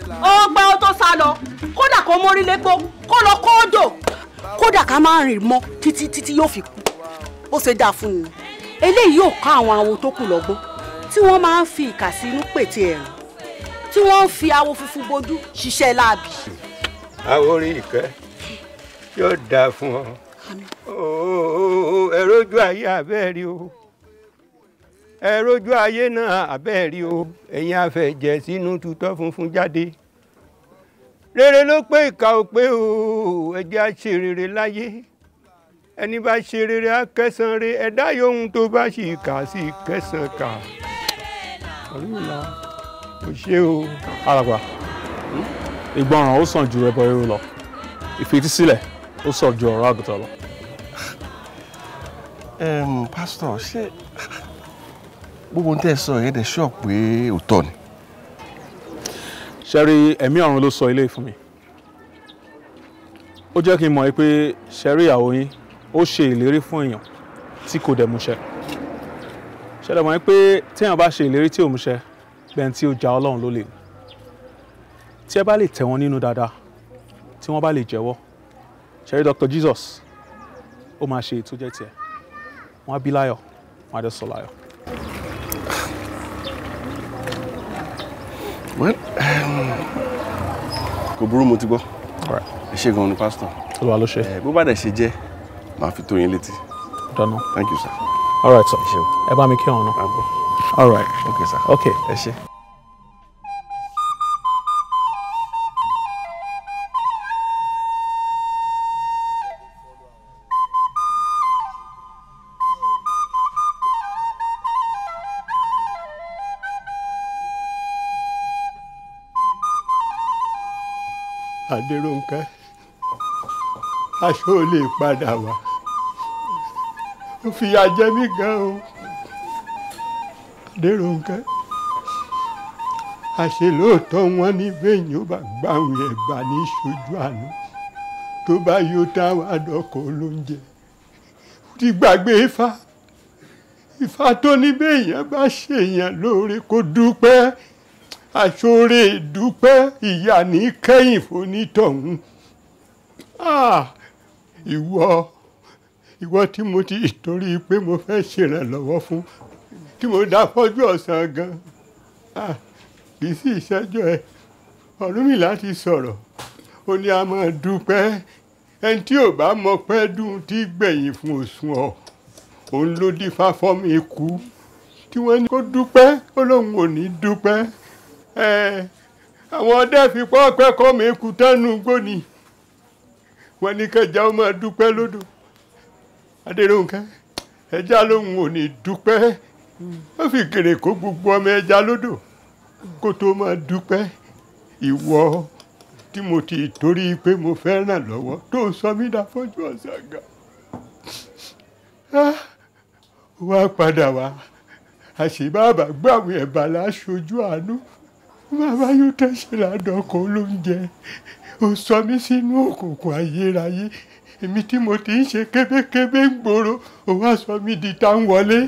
ọgbà ó tó sá lọ kódà kó mórí lépo kó lọ kódò kódà ká má rìn mọ́ títí títí yóò fi kú ó ṣe dáa fún un eléyìí yóò kọ́ àwọn awo tó kù lọ́gbọ́n tí wọ́n máa ń fi ìkà sí inú pètè ẹ̀rùn tí wọ́n ń fi awo funfun bojú ṣiṣẹ́ láàbì. àwòrí ìkẹ́ yóò dáa fún ọ ẹ̀rọ ojú ayé abẹ́rẹ́ o ẹ rojú ayé náà abẹ́ rí o ẹ̀yin afẹ̀jẹ̀ sínú tutọ́ funfun jáde rere ló pé ìkà ò pé o ẹ jẹ́ á ṣe rere láyé ẹni bá ṣe rere á kẹsàn-án re ẹ̀dá yòówù tó bá ṣì kà sí kẹsàn-án kà ọ̀rùnà kò ṣe o. alàgbà ìgbọràn ó sàn ju ẹbọ rírú lọ ìfetísílẹ̀ ó sàn ju ọ̀rọ̀ àgùntàn lọ. pásítọ̀ ṣé gbogbo tẹ́ ẹ sọ yẹn dẹ̀ sọ pé òótọ́ ni. ṣẹ́rí ẹ̀mí ọ̀run ló sọ ilé fún mi ó jẹ́ kí n mọ̀ pé ṣẹ́rí ìyàwó yín ó ṣe ìlérí fún èèyàn tí kò dẹ̀ múṣẹ ṣẹlẹ̀ mọ̀ pé téèyàn bá ṣe ìlérí tí ò múṣẹ bẹ́ẹ̀ tí ó ja ọlọ́run ló lè tí ẹ bá lè tẹ̀ wọ́n nínú dáadáa tí wọ́n bá lè jẹ́wọ́ ṣẹ́rí Dr. Jesus ó máa ṣe ètò jẹ́ tiẹ̀ wọ́n á bí láyọ̀ wọ́n á dẹ̀ sọ láyọ̀. well um, kò burú mo ti gbọ́ ẹ ṣe gan-an ni pásítọ̀ olúwa ló ṣe bó bá dẹ̀ ṣe jẹ́ màá fi tó yín létí. dáná thank you sir. all right sir ẹ bá mi kí ọ̀hún náà. all right okay sir. okay ẹ ṣe. Káyọ̀dé Rónkẹ́ aṣọ ò lè padà wá ó fìyà jẹ mí gan o Adérónkẹ́ àṣẹ lóòótọ́ wọn ní bẹ́yìn ó bá gbàùn yẹn gbà ní ìṣojú àná tó bá yóò táwọn àdọ́kọ̀ olóúnjẹ ó ti gbàgbé ifá ifá tó ní bẹ́yìn bá ṣèyàn lóore kó dúpẹ́ àṣọrẹ ìdúpẹ́ ìyá ní kẹ́yìn fonítọ̀hún ah, ìwọ ìwọ tí mo ti torí pé mo fẹ́ ṣèrànlọ́wọ́ fún tí mo dá fọ́jú ọ̀sán gan ah, kì í sì ìṣẹ́jú ẹ Ọ̀rúnmìlà ti sọ̀rọ̀ ó ní a máa dúpẹ́ ẹni tí ò bá mọ pẹ́ dùn tí gbẹ̀yìn fún òsùn ọ̀ òun ló dífá fọ́mi ikú tí wọ́n ní kó dúpẹ́ ó lóun ò ní dúpẹ́. àwọn ọdẹ fipá ọpẹ kọ mi kú tẹnu gbóni wọn ní kẹjà ó máa dúpẹ́ lódò adẹrùnkẹ ẹjà lòun ò ní dúpẹ́ ó fi kèrè kó gbogbo ọmọ ẹja lódò kó tó máa dúpẹ́ ìwọ tí mo ti torí pé mo fẹ́ ràn lọ́wọ́ tó sọ mí dáfọ́jú ọ̀sàgà ah, wá padà wá àṣìbá àbá gbàwé ẹ̀bà láṣojú àánú. bàbá yóò tẹ̀sí ládọ́kọ̀ olóúnjẹ ò sọ mí sínú òkùnkùn ayérayé èmi tí mo ti ń ṣe kébékébé ń gbòòrò ò wá sọ mí wọlé.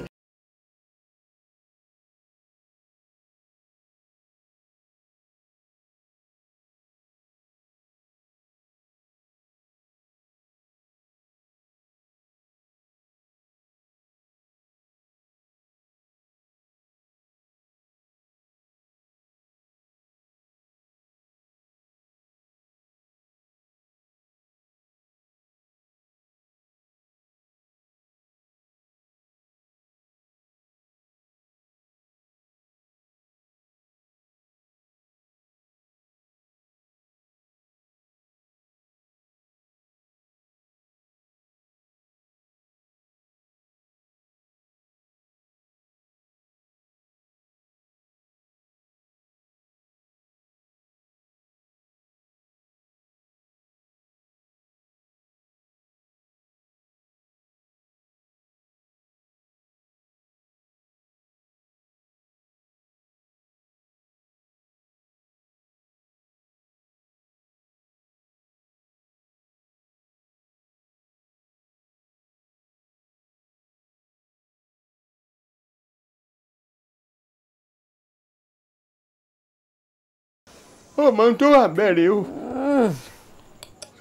ó mọ tó wà bẹ̀rẹ̀ o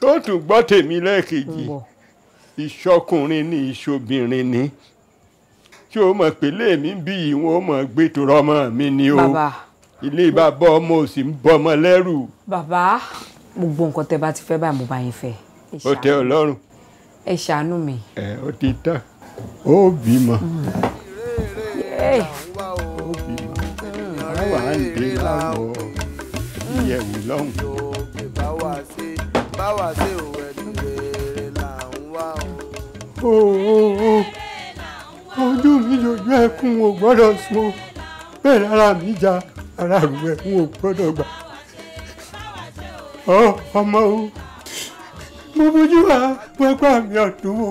ó tún gbọ́ tèmi lẹ́ẹ̀kejì ìṣọkùnrin ni ìṣobìnrin ni kí o mọ̀ pé lèmi bí yìí wọn ó mọ̀ gbé torọ́ ọmọ mi ni o ilé bàbá ọmọ ò sì ń bọmọ lẹ́rù. bàbá gbogbo nǹkan tẹ bá ti fẹ́ báyìí mo bá yín fẹ́. ó tẹ ọ lọ́rùn. ẹ ṣàánú mi. ẹ ó ti tán ó bímọ. ọ̀rọ̀ wà á dé láwọ̀ yẹ̀wò lọ́hùn. oh oh oh sí bá wà sí òwe rere là ń wá o. ojú mi yòjú ẹkún o gbọ́dọ̀ sun o bẹ́ẹ̀ lára mi ja ara rú ẹkún o gbọ́dọ̀ gbà. ọ ọmọ o mo bójú wa wẹ́pẹ́ mi ọ̀tún o.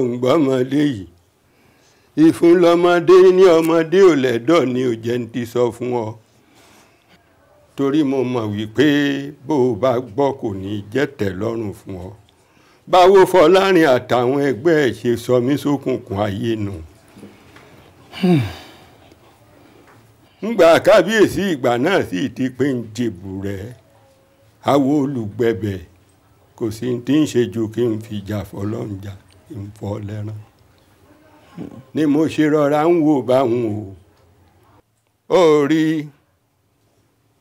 ọ̀ǹgbọ́mọdé yìí ìfúnlọmọdé ní ọmọdé ò lẹ́dọ̀ ni ò jẹ́ ń ti sọ fún ọ torí mo mọ̀ wípé bó o bá gbọ́ kò ní jẹ́ tẹ́ lọ́rùn fún ọ báwo fọlárin àtàwọn ẹgbẹ́ ẹ̀ ṣe sọ mí sókùnkùn ayé nù. ngbà kábíyèsí ìgbà náà sì ti pé ń jèbù rẹ̀ àwo olùgbẹ̀bẹ̀ kò sí ti ń ṣe ju kí n fi jà fọlọ́run jà ìfọ̀ lẹ́ran ni mo ṣe rọra ń wò báwọn o ò rí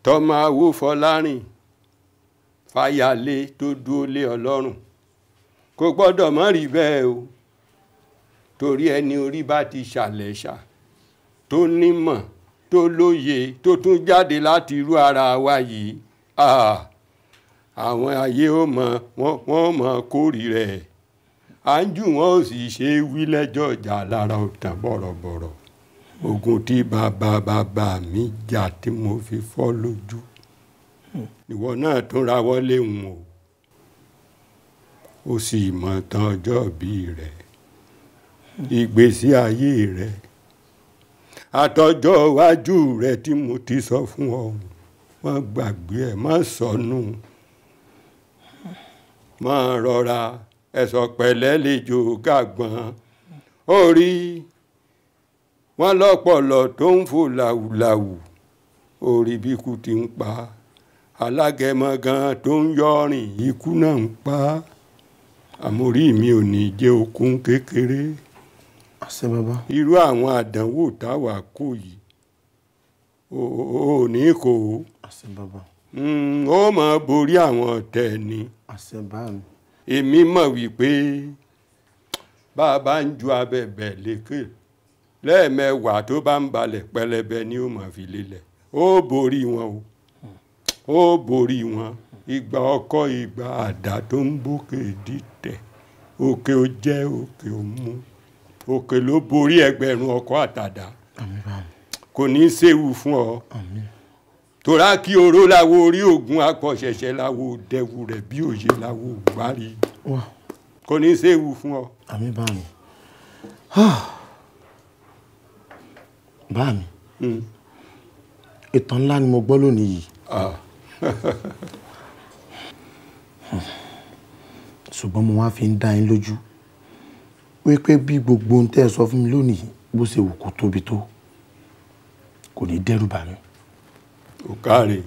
tọ́mọ awúfọlárìn fàyàlé tó dúró lé ọlọ́run kò gbọ́dọ̀ mọ́ rí bẹ́ẹ̀ o torí ẹni orí bá ti ṣàlẹ̀ṣà tó nímọ̀ tó lóye tó tún jáde láti irú ara wa yìí àwọn ayé ó mọ wọn ó mọ kórìí rẹ̀ anjú wọn ò sì ṣe wí lẹ́jọ́ ìjà lára ọ̀tàn bọ̀rọ̀bọ̀rọ̀ ogun tí bàbá bàbá mi jà tí mo fi fọ́ lójú ìwọ náà tún ra wọlé wọn o ó sì mọ̀ tán ọjọ́ bí rẹ̀ ìgbésí ayé rẹ̀ àtọjọ́ iwájú rẹ̀ tí mo ti sọ fún ọ wọn gbàgbé ẹ má sọnù máa rọra ẹ̀sọ̀ pẹ̀lẹ́ lè jò gàgbọ́n ó rí wọn lọ́pọ̀lọ́ tó ń fò làwùlàwù ó rí bí ikú ti ń pa alágẹmọ gan tó ń yọrin ikú náà ń pa àmórí mi ò ní jẹ́ okun kékeré àṣẹ bàbá irú àwọn àdánwò táwa kò yìí ò ní kò ó àṣẹ bàbá hmm, ó mọ̀ borí àwọn ọ̀tẹ̀ ni àṣẹ bàbá mi èmi mọ̀ wípé bàbá ń ju abẹ̀bẹ̀ lékè lẹ́ẹ̀mẹwàá tó bá ń balẹ̀ pẹlẹbẹ ni ó máa fi lélẹ̀ ó borí wọn o ó borí wọn ìgbà ọkọ ìgbà àdá tó ń bókè dìtẹ̀ òkè ó jẹ́ òkè ó mú òkè ló borí ẹgbẹ̀rún ọkọ àtàdá kò ní í séwu fún ọ. Àmín torá kí oró láwo orí ogun apọ̀ṣẹ̀ṣẹ̀ láwo dẹ̀wù rẹ̀ bí òye láwo wárí kò ní í séwu fún ọ. àmì bá mi (sighs) bá mi hmm. ìtàn ńlá ni mo gbọ́ lónìí yìí ah. (laughs) ṣùgbọ́n mo wá fi ń dá yín lójú wípé bí gbogbo ohun tẹ́ ẹ sọ fún mi lónìí bó ṣe wù kó tóbi tó kò ní dẹ́rù bà mí ó káre.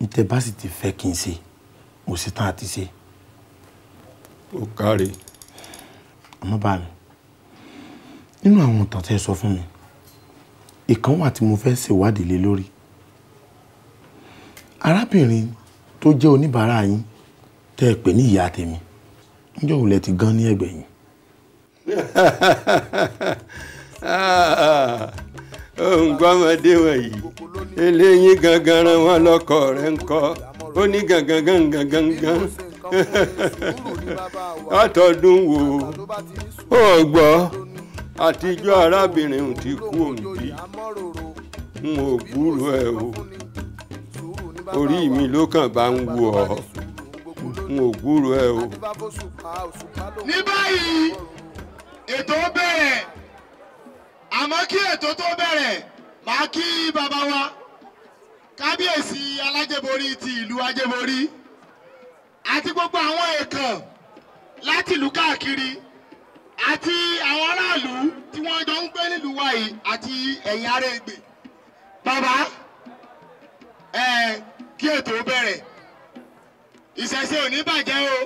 ìtẹ̀ bá sì ti fẹ́ kí n ṣe mo sì tán àti ṣe. ó káre. àmọ́ bá mi nínú àwọn ìtàn tẹ́ ẹ sọ fún mi ìkan wà tí mo fẹ́ ṣèwádìí lé lórí arábìnrin tó jẹ́ oníbàárà yín tẹ́ ẹ pè ní ìyá tèmi níjọ́ òun lẹ ti gan ní ẹ̀gbẹ̀yìn. (laughs) nǹkan ọmọdé wọ̀nyí eléyìí gangan ran wọn lọkọ rẹ ń gangan gangan gangan ha wo ha ha ha ha ti ha ha n ò gbúrò ẹ o orí mi ló kàn bá ń wù ọ́ n ò gbúrò ẹ o. ní báyìí ètò bẹ̀rẹ̀. àmọ́ kí ètò tó bẹ̀rẹ̀ màá kí bàbá wa kábíyèsí alájẹborí ti ìlú ajẹborí àti gbogbo àwọn èèkàn láti ìlú káàkiri àti àwọn aráàlú tí wọ́n jọ ń gbé nílùú wa yìí àti ẹ̀yìn ará Ẹ̀gbẹ́ bàbá ẹ kí ètò bẹ̀rẹ̀ ìṣẹ̀ṣe ò ní bàjẹ́ o.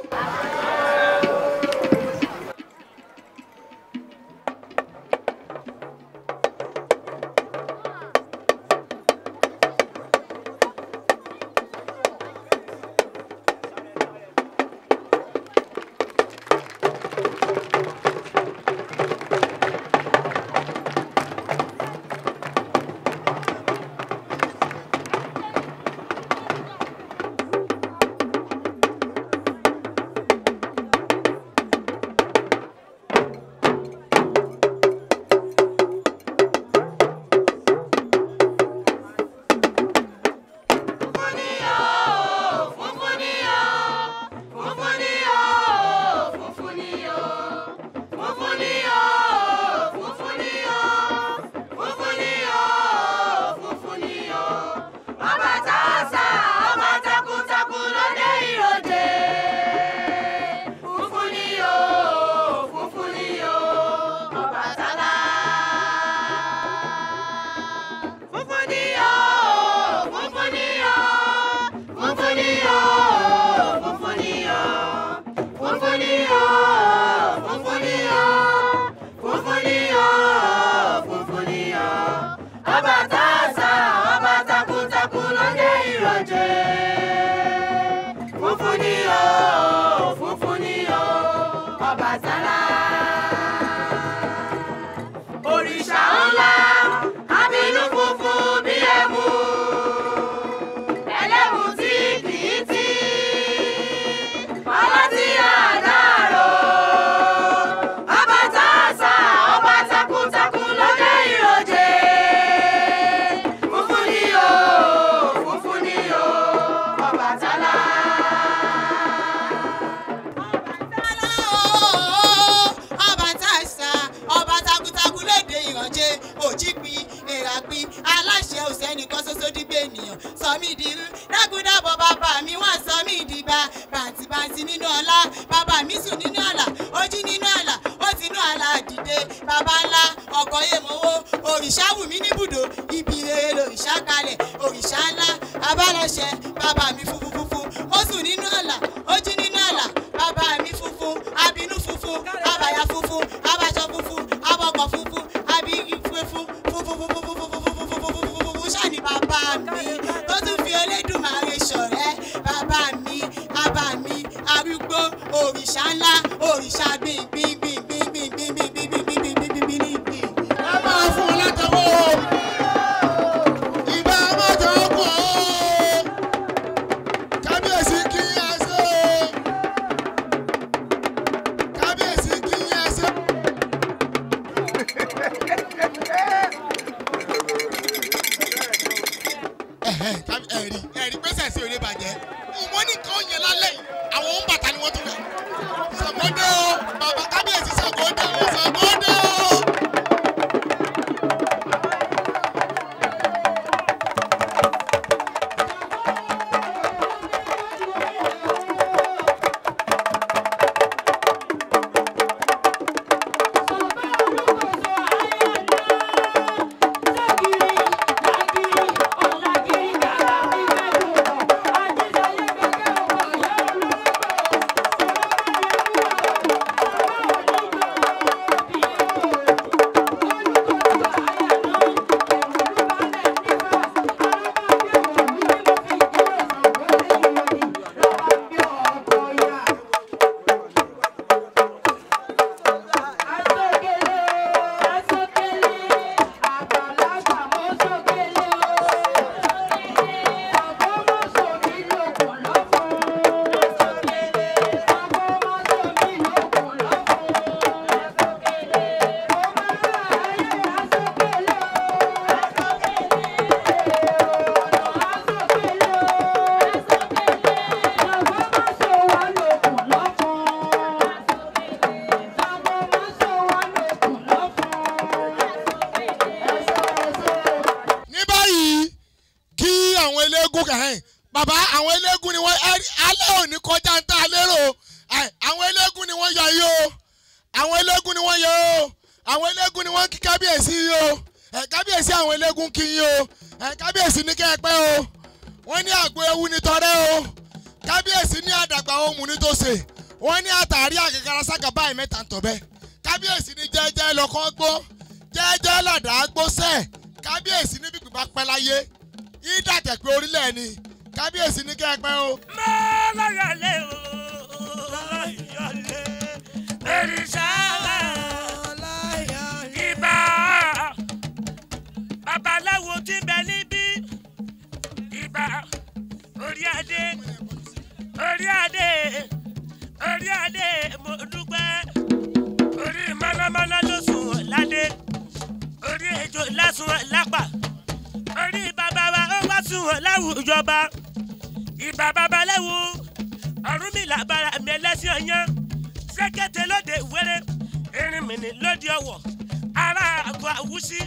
awúsí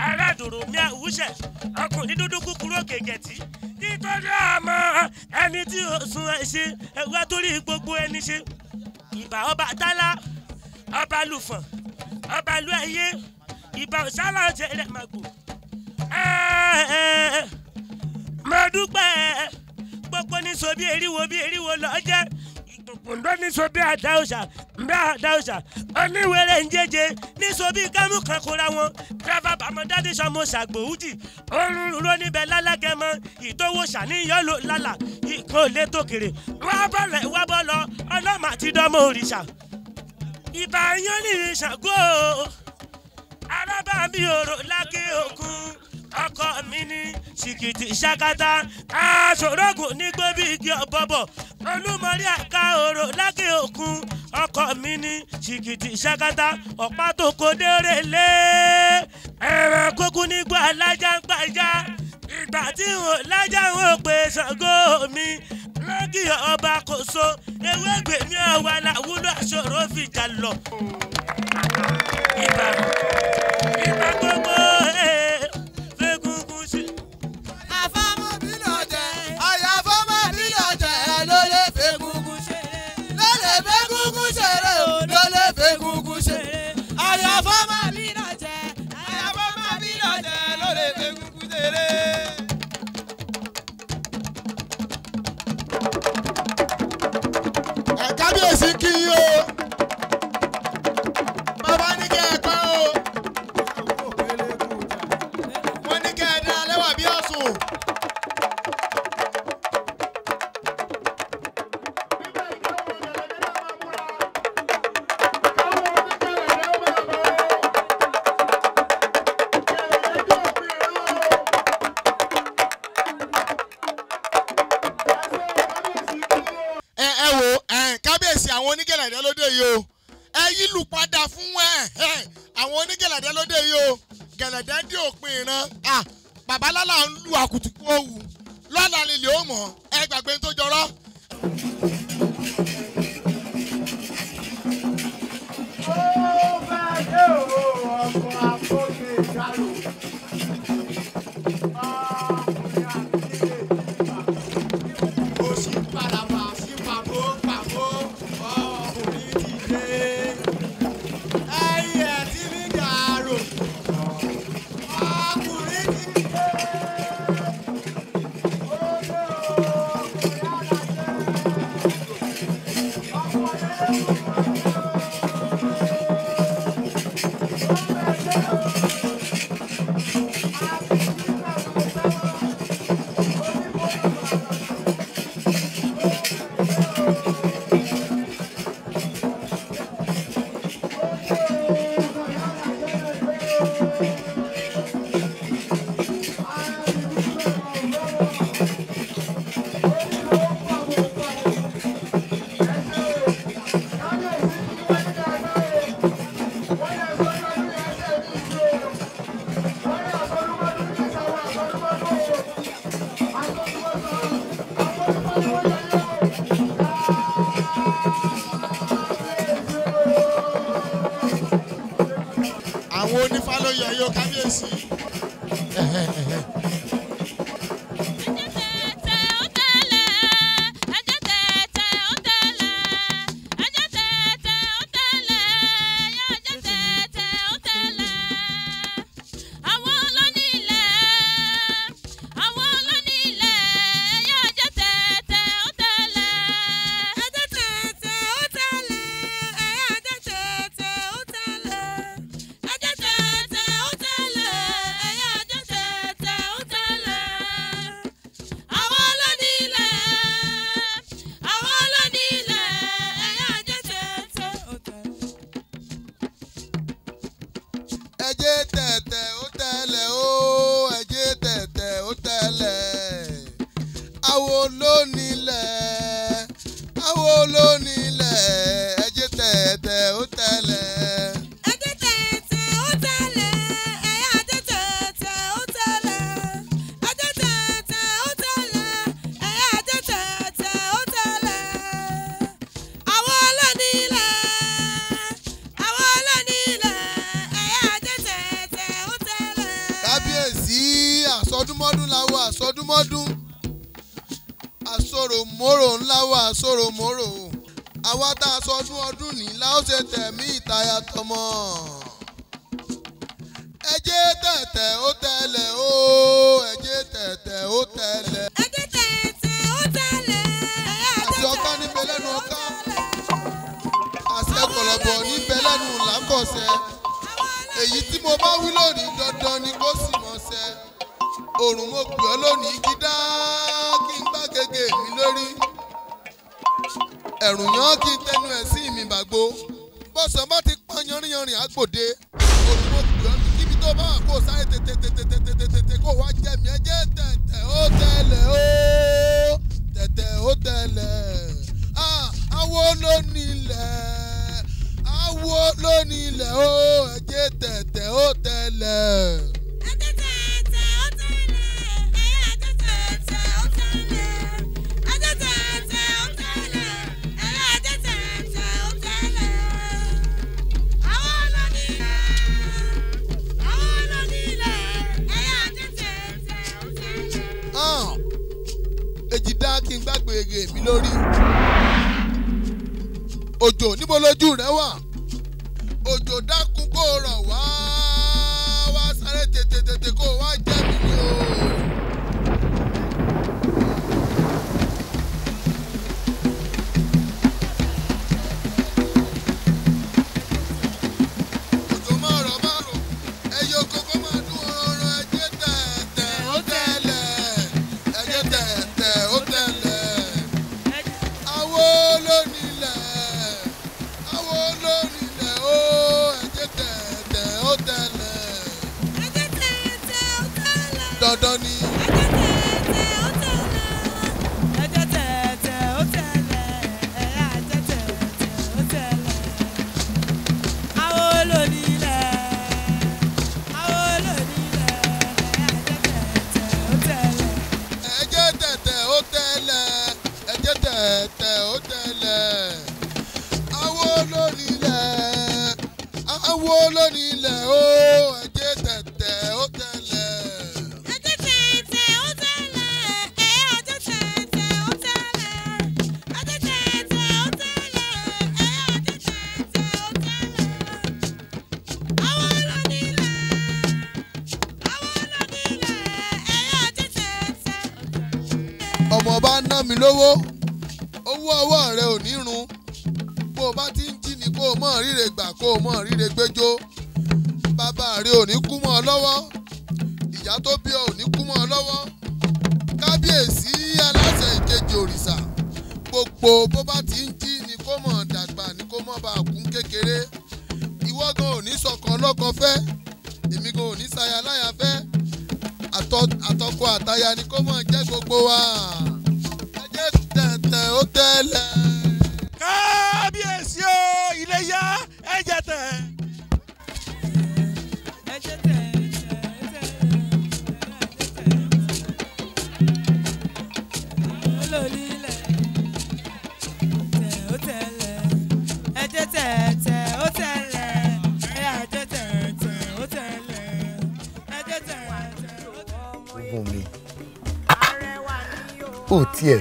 aládùúrò mi àwúṣẹ ọkùnrin dúdú kúkúrú òkèkẹtì nítorí àmọ́ ẹni tí ó sun ẹṣin ẹwà torí gbogbo ẹni ṣe ìbà ọba tálá ọba lùfọ̀n ọba lu ẹyẹ ìbà òṣàlà ọjẹ rẹ máa gbò mo gbogbo ní so bí eriwo bí eriwo lọ́jẹ́ òpòǹdó níṣòbí àdáòṣà mbẹ́ àdáòṣà oníwèrè ńjẹjẹ níṣòbí kámú kankura wọn dírẹ́fà bàmọ́dádé sọmọ ṣàgbòhùjì oorun ró níbẹ̀ lálákẹ́mọ ìtòwò ṣàníyànlò lálà ìkan òlé tòkèrè wábọ̀lẹ̀ wábọ̀lọ ọlọ́mà àti dọ́mọ òrìṣà ìbà yánni ìṣàgó arábàbí òrò lákè òkun ọkọ mi ní ṣìkìtì ṣakata aṣòrògùn ní gbóbi igi ọ̀bọ̀bọ̀ olúmọrí àká òrò lákè òkun ọkọ mi ní ṣìkìtì ṣakata ọ̀pá tó kó dérè lé ẹ̀rọ kókó nígbà alájà ń gbàjà ìgbà tí wọn lájà wọn pè Ṣàngó mi lọ́gì ọba kò so ewé gbèmí ọ̀wà làwúlò àṣọrò fìjà lọ. ìbàdàn gbogbo.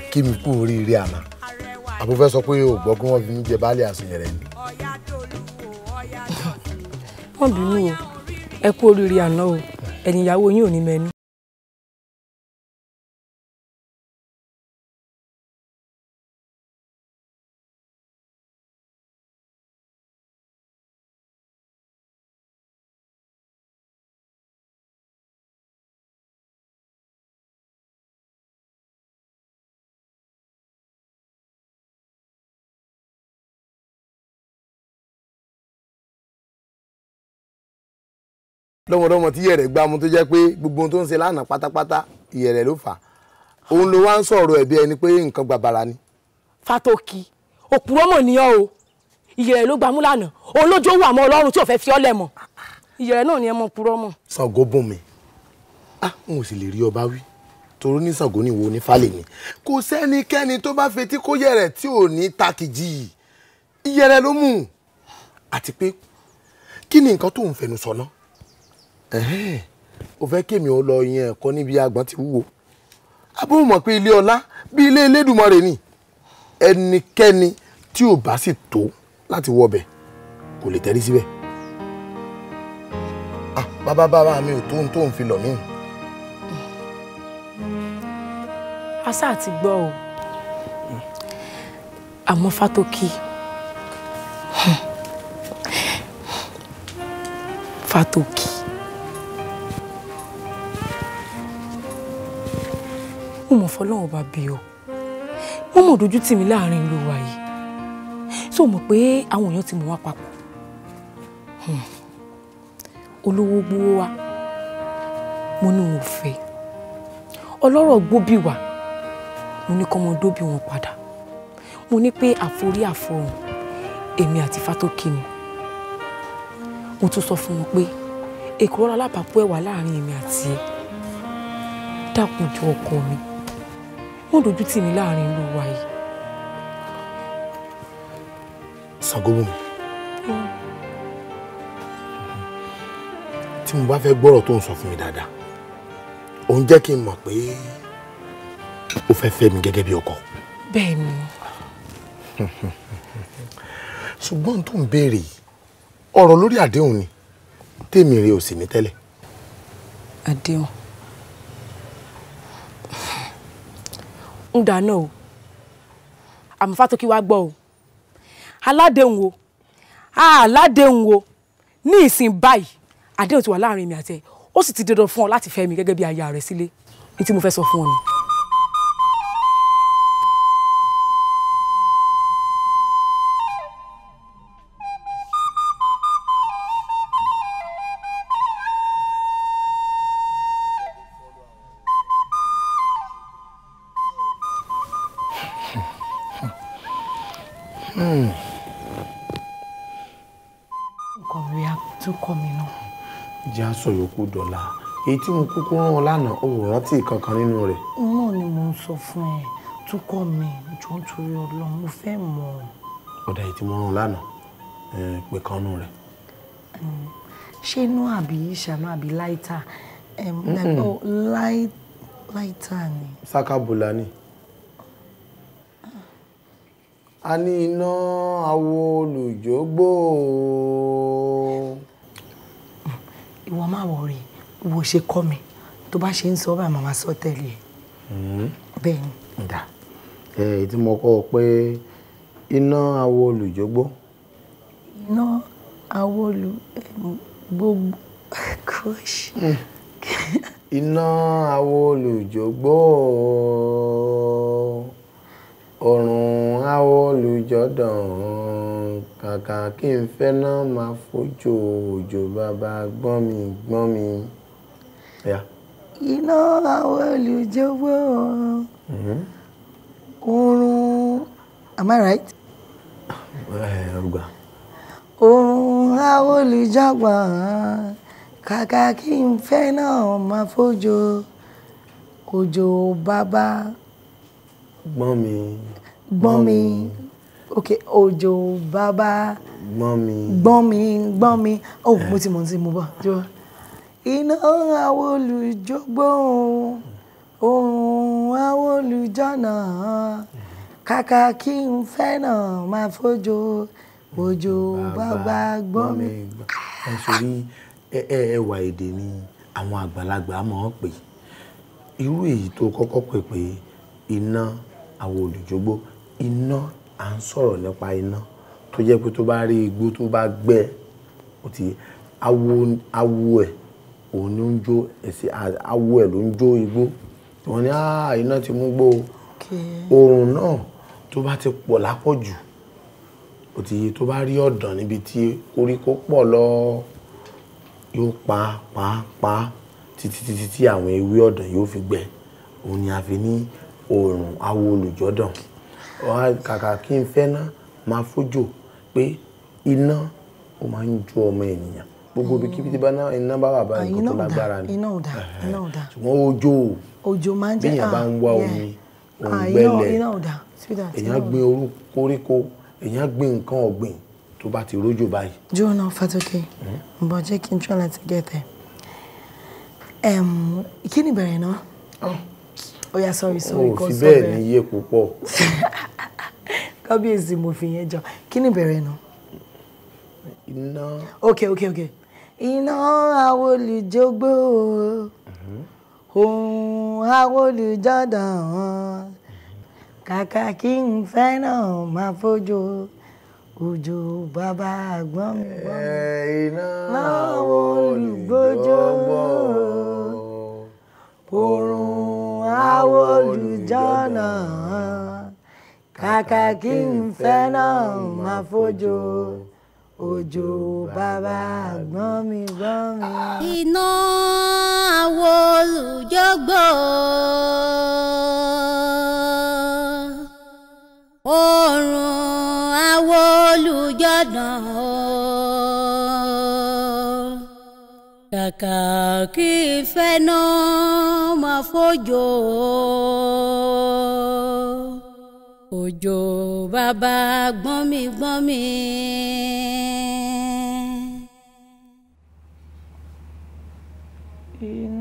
kí mi kú oríire àná àbò fẹ́ sọ pé o gbọ́ pé wọ́n fi mí jẹ baálé àṣeyẹrẹ ni. wọ́n bínú o ẹ kú oríire àná o ẹ̀yìn ìyàwó yín ò ní mẹ́nu. lọ́mọdọ́mọ tí yẹ̀rẹ̀ gbámú tó jẹ́ pé gbogbo ohun tó ń ṣe lánàá pátápátá ìyẹ̀rẹ̀ ló fà òun ló wá ń sọ̀rọ̀ ẹ̀bí ẹni pé nǹkan gbàbàrà ni. fatoki òpùrọ́ mọ̀ níyàn o ìyẹ̀rẹ̀ ló gbámú lánàá olójó wà mọ́ ọlọ́run tí ò fẹ́ fi ọ́ lẹ̀ mọ́ ìyẹ̀rẹ̀ náà ni ẹ mọ purọ́ mọ́. Ṣàngó bùn mi ah n ò sì lè rí ọba wí torí ní Ṣàngó ni ìwo onífàlẹ̀ mi kò sẹ́nikẹ́ni tó bá fetí kó yẹ̀rẹ̀ tí ò ní takìjì ìyẹ̀rẹ̀ ló mú àti pé kí ni nǹkan tó ń fẹnu sọ náà o fẹ́ kémi ó lọ yan ẹ̀kọ́ níbi àgbọn ti wúwo abóhùn mọ̀ pé ilé ọlá bí ilé Elédùmarè ni ẹnikẹ́ni tí ò bá sì tó láti wọbẹ̀ kò lè tẹ́rí síbẹ̀ ah, bàbá bàbá mi ò tó ń tó ń fi lọ mí. asá àti gbọ́ o àmọ́ fátókì fátókì. mo mọ̀ fọlọ́wọ́ bá bí o mo mọ̀ dojú tì mí láàrin ìlú wa yìí tó mọ̀ pé àwọn èèyàn ti mú wa papọ̀ hmm. olówó gbówó wa mo ní wọn ò fẹ́ ọlọ́rọ̀ gbóbi wa mo ní kọ́mọ dóbi wọn padà mo ní pé àforí àfọ̀hún èmi àti fátókì ni mo tún sọ fún wọn pé èkó rárá lápapọ̀ ẹ̀wà láàrin èmi àti ẹ̀ dákun ju ọkọ mi wọ́n dojú tì mí láàrin ìlú wa yìí. Ṣàngóbùnmi hm. tí mo bá fẹ́ gbọ́rọ̀ tó ń sọ fún mi dáadáa òun jẹ́ kí n mọ̀ pé o fẹ́ fẹ́ mi gẹ́gẹ́ bí ọkọ. bẹ́ẹ̀ ni. (laughs) ṣùgbọ́n tó ń béèrè ọ̀rọ̀ lórí àdéhùn ni tèmi rè ò sì ní tẹ́lẹ̀. àdéhùn. ń dáná o àmọ́ fátókì wá gbọ́ o aládéhùn o aládéhùn o ní ìsìn báyìí àdéhùn ti wà láàrin mi àti ẹ ó sì ti dandan fún ọ láti fẹ́ mi gẹ́gẹ́ bí aya rẹ sílé ní tí mo fẹ́ sọ fún ọ ni. sọ yòókù dọ̀la èyí tí mo kúkú rán ọ lánàá ó rántí kankan nínú rẹ̀. náà ni mo ń sọ fún ẹ túkọ̀ mi jọ ń torí Ọlọ́run mo fẹ́ mọ̀. ọ̀dà èyí tí mo rán ọ lánàá pé kan nù rẹ̀. ṣé inú àbí ìṣànú àbí láìta oh, láìta ni. sakabula ni. a ní iná awo olùjógbò ìwọ má wọrí ìwọ ṣe kọ́ mi tó bá ṣe ń sọ báyìí màmá sọ tẹ̀lé ẹ̀. E. Hmm. bẹ́ẹ̀ ni. ǹda ẹ tí mo kọ́ ọ pé iná awo olùjọ́gbó. iná awo olùgbogbo gosh. (laughs) Hmm. iná awo olùjọ́gbó. orun á wọ́ lùjọ́dọ̀ kàkà kí n fẹ́ náà máa fojú òjò bàbá gbọ́n mi gbọ́n mi. iná àwọn olùjọ́wọ́ mm-hmm. ọ̀run am I right? Eh, ọ̀run àwọn olùjọ́gbọ̀ kàkà kí n fẹ́ náà ma fojú òjò bàbá. gbọ́n mi. gbọ́n mi ok òjò bàbá. gbọ́n mi. gbọ́n mi gbọ́n mi oh mo ti mọ̀ ní mo bọ̀ jọ. iná àwọn olùjọgbó ohun àwọn olùjọ́nà kàkà kí n fẹ́ náà máa fojo òjò bàbá gbọ́n mi. ẹ sori ẹwà èdè ni àwọn àgbàlagbà máa ń pè irú èyí tó kọ́kọ́ pè pé iná àwọn olùjógbó iná à ń sọ̀rọ̀ nípa iná tó jẹ́ pé tó bá rí igbó tó bá gbẹ ó ti awo awo ẹ̀ òun ló ń jó ẹ̀sìn awo ẹ̀ ló ń jó igbó wọ́n ní iná ti mú gbó oòrùn náà tó bá ti pọ̀ lápọ̀jù ó ti tó bá rí ọ̀dàn níbi tí koríko pọ̀ lọ yóò pa pa pa títí títí tí àwọn ewé ọ̀dàn yóò fi gbẹ òun ni a fi ní oòrùn awo olùjọ́dàn kàkà kí n fẹ́ ná máa fójò pé iná ó máa ń jó ọmọ ènìyàn gbogbo ibi kíbi tí iná bá wà báyìí kò tó ah, lágbára ni iná ò dá iná ò dá ṣùgbọ́n òjò òjò máa ń jẹ́ bíyàn bá ń wá ah, omi òun ah, gbẹ́lẹ̀ èèyàn gbin orú koríko èèyàn gbin nǹkan ọ̀gbìn tó bá ti rójò báyìí. jóná fatoke hmm? bọ jẹ́ kí n tún láti gẹtẹ kí ni ìbẹ̀rẹ̀ náà. Oh yeah, sorry sorry Oh, sọ bẹ́ẹ̀ ní iye púpọ̀ (laughs) kábíyèsí mo fi yẹn jọ kí ni bẹ̀rẹ̀ nu. iná. ok ok ok iná awolùjọgbó ohun awolùjọdọ kàkà kí n fẹ́ràn máa fojú òjò bàbá àgbọ̀n mi eh, gbọ́n mi iná awolùgbòjò oorun àwọn olùjọ́nà kàkà kí n fẹ́ náà máa fojo òjò bàbá gbọ́n mi gbọ́n mi. iná àwọn olùjọ́gbò oòrùn àwọn olùjọ́dàn o. kàkà kí ìfẹ́ náà máa fòjò òjò bàbá gbọ́nmi gbọ́nmi. inú.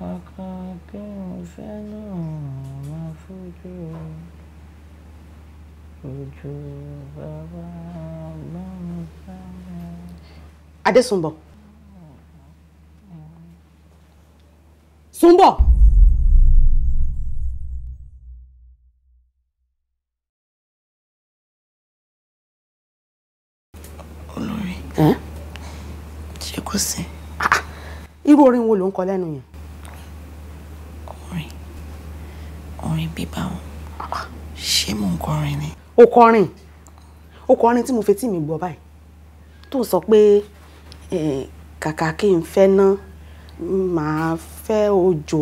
Ọkàn tó ń fẹ́ náà máa fojú ojú bàbá àgbọ̀n mi Ṣé kò sí? Ah, irú orin wo ló ń kọ lẹ́nu yẹn? kọrin bíbá wọn ṣé mò ń kọrin ni. o kọrin o kọrin tí mo fi tí mi gbọ́ báyìí tó sọ pé kàkà kí n fẹ́ ná màá fẹ́ òjò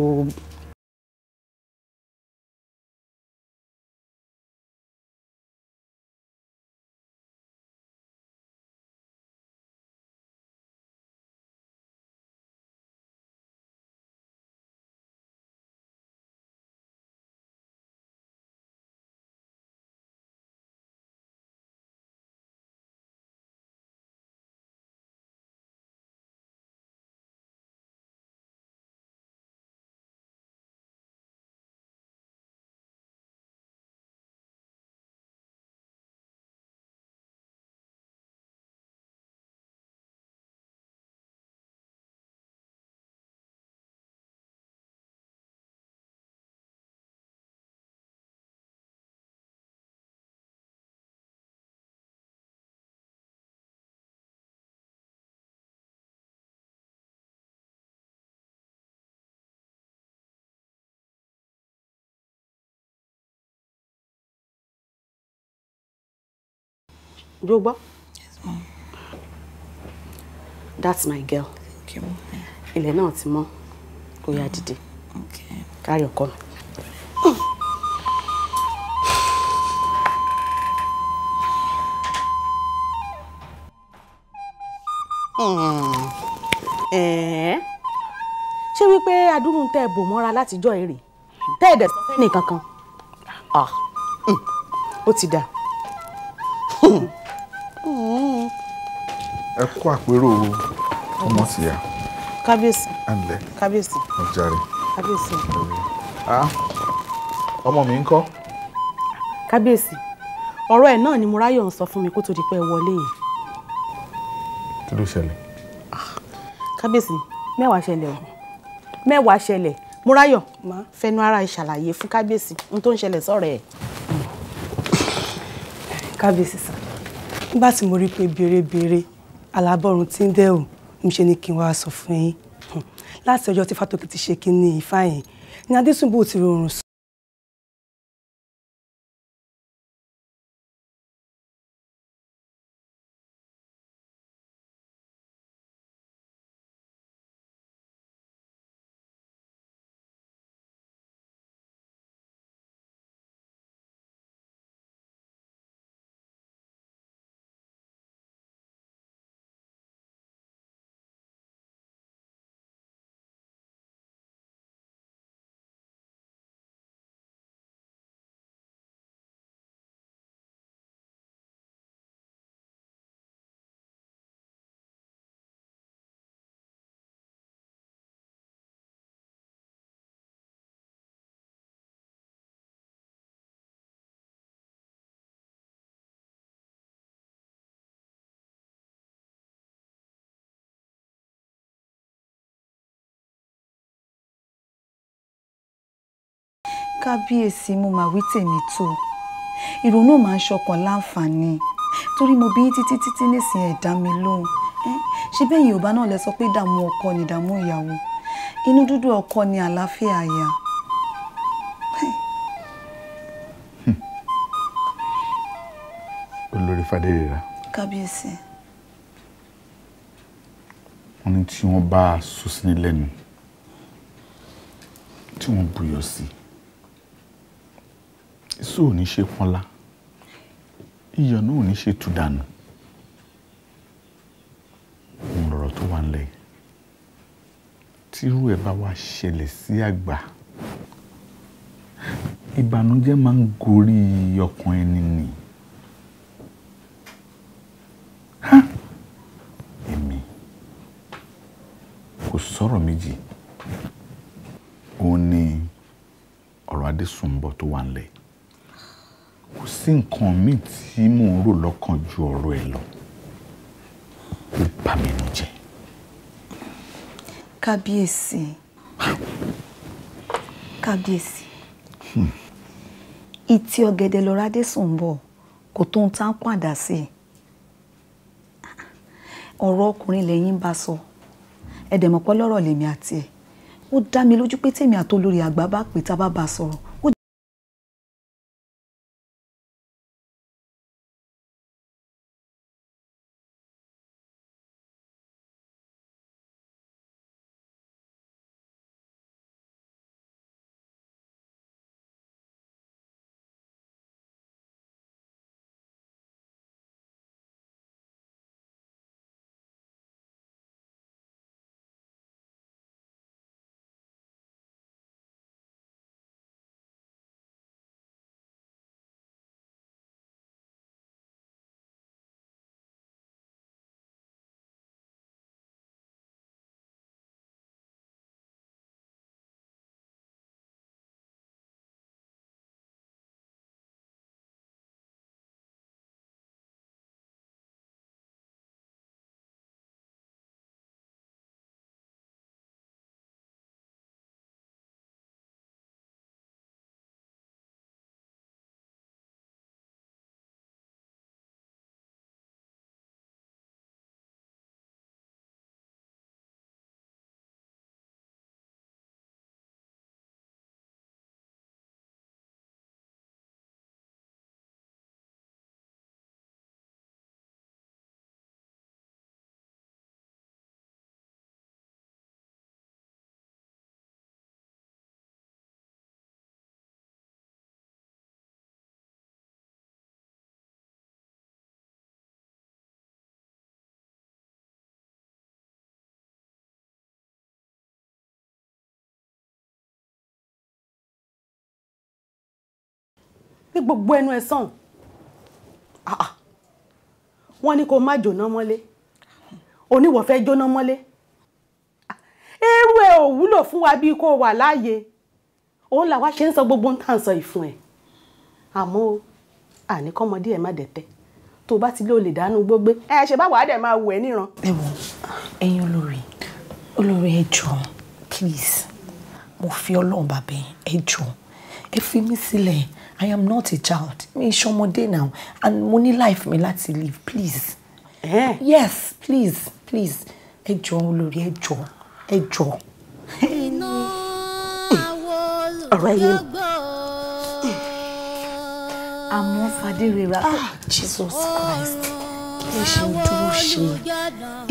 ló Yes, ma'am. that's my girl. Okay, ma'am. ilẹ̀ náà ti mọ́ kó yá dìde carry your corner. ṣé wípé adúrún tẹ bò mọ́ra látijọ́ èrè tẹ́ ẹ̀dẹ̀ sọ fẹ́ nìkan kan ah. hmm. ó ti dà. Hmm. ẹ kú àpérò ọmọ tìyà. kábíyèsí. ẹnlẹ. kábíyèsí. ọjàre. kábíyèsí. ọmọ mi ń kọ? kábíyèsí ọ̀rọ̀ ẹ̀ náà ni Mọ́ráyọ̀ ń sọ fún mi kó tó di pé wọlé yìí. kí ló ṣẹlẹ̀. kábíyèsí mẹ́wàá ṣẹlẹ̀ o mẹ́wàá ṣẹlẹ̀ Mọ́ráyọ̀ má fẹnu ara ìṣàlàyé fún kábíyèsí ohun tó ń ṣẹlẹ̀ sọ̀rọ̀ ẹ̀. kábíyèsí sàn nígbà tí mo rí pé alábọ̀run tí ń dẹ̀ ò ń ṣe ni kí n wá sọ fún yín láti ọjọ́ tí fátókì ti ṣe kí ni ìfáyín ni adésùnbù ti rọrùn sọ kábíyèsí mo mà wí tèmi tó ìrònú máa ń ṣọkàn láǹfààní torí mo bí títí títí nísìnyí ẹ̀dá mi lóhùn ṣé bẹ́ẹ̀ yorùbá náà lẹ sọ pé ìdààmú ọkọ ni ìdààmú ìyàwó inú dúdú ọkọ ni àlàáfíà àyà. (laughs) olórí fàdérera. kábíyèsí. wọ́n ní tí wọ́n bá a sùn sí lẹ́nu tí wọ́n buyọ̀ sí i. Èso ò ní ṣe pọ́nlá. Iyọ̀ náà ò ní ṣe tú dànù. Òun lọ̀rọ̀ tó wà nílẹ̀. Tírú ẹ̀ bá wá ṣẹlẹ̀ sí àgbà. Ìbànújẹ́ máa ń gorí ọkàn ẹni nì. Èmi kò sọ̀rọ̀ méjì. Ó ní ọ̀rọ̀ Adésùnbọ̀ tó wà nílẹ̀ kò sí nǹkan míì tí mò ń rò lọ́kàn ju ọ̀rọ̀ ẹ lọ ó bà mí nù jẹ́. kábíyèsí kábíyèsí hmm. ìtì ọ̀gẹ̀dẹ̀ lọ́rádé sùn bọ̀ kò tó ń tán pàdà sí i ọ̀rọ̀ ọkùnrin lẹ́yìn bá sọ ẹ̀dẹ̀mọ̀pọ̀ lọ́rọ̀ lèmi àti ẹ̀ ó dá mi lójú pé tèmi àtolórí àgbà bá pè tá a bá bá sọ̀rọ̀ ní gbogbo ẹnu ẹ sàn ah, ah. wọ́n ní kó má jóná mọ́lé oníwọ̀ fẹ́ jóná mọ́lé ah, eérú ẹ ò wúlò fún wa bí kò wà láàyè òun làwa ṣe ń sọ gbogbo ń tàn sọ ìfun ẹ àmọ́ àníkọ́mọdé ẹ má dẹ̀tẹ̀ tó bá ti lé olè dànù gbógbé ẹ ṣe bá wàá máa wù ẹ́ níran. ẹ wò ẹ̀yin olórí olórí ẹ jọ̀ọ́ please mo fi Ọlọ́run bàbá ẹ jọ̀ọ́ ẹ fi mí sílẹ̀. Si I am not a child. Mi ṣọmọdé now and mo ní life mi láti live please. Eh? Yes please please ẹ jọ olórí ẹ jọ ẹ jọ. Eh, ọ̀rọ̀ ẹ eh, Àmọ́ Fadérera. Ah Jesus Christ. Kí ló ṣe ń dúró ṣe?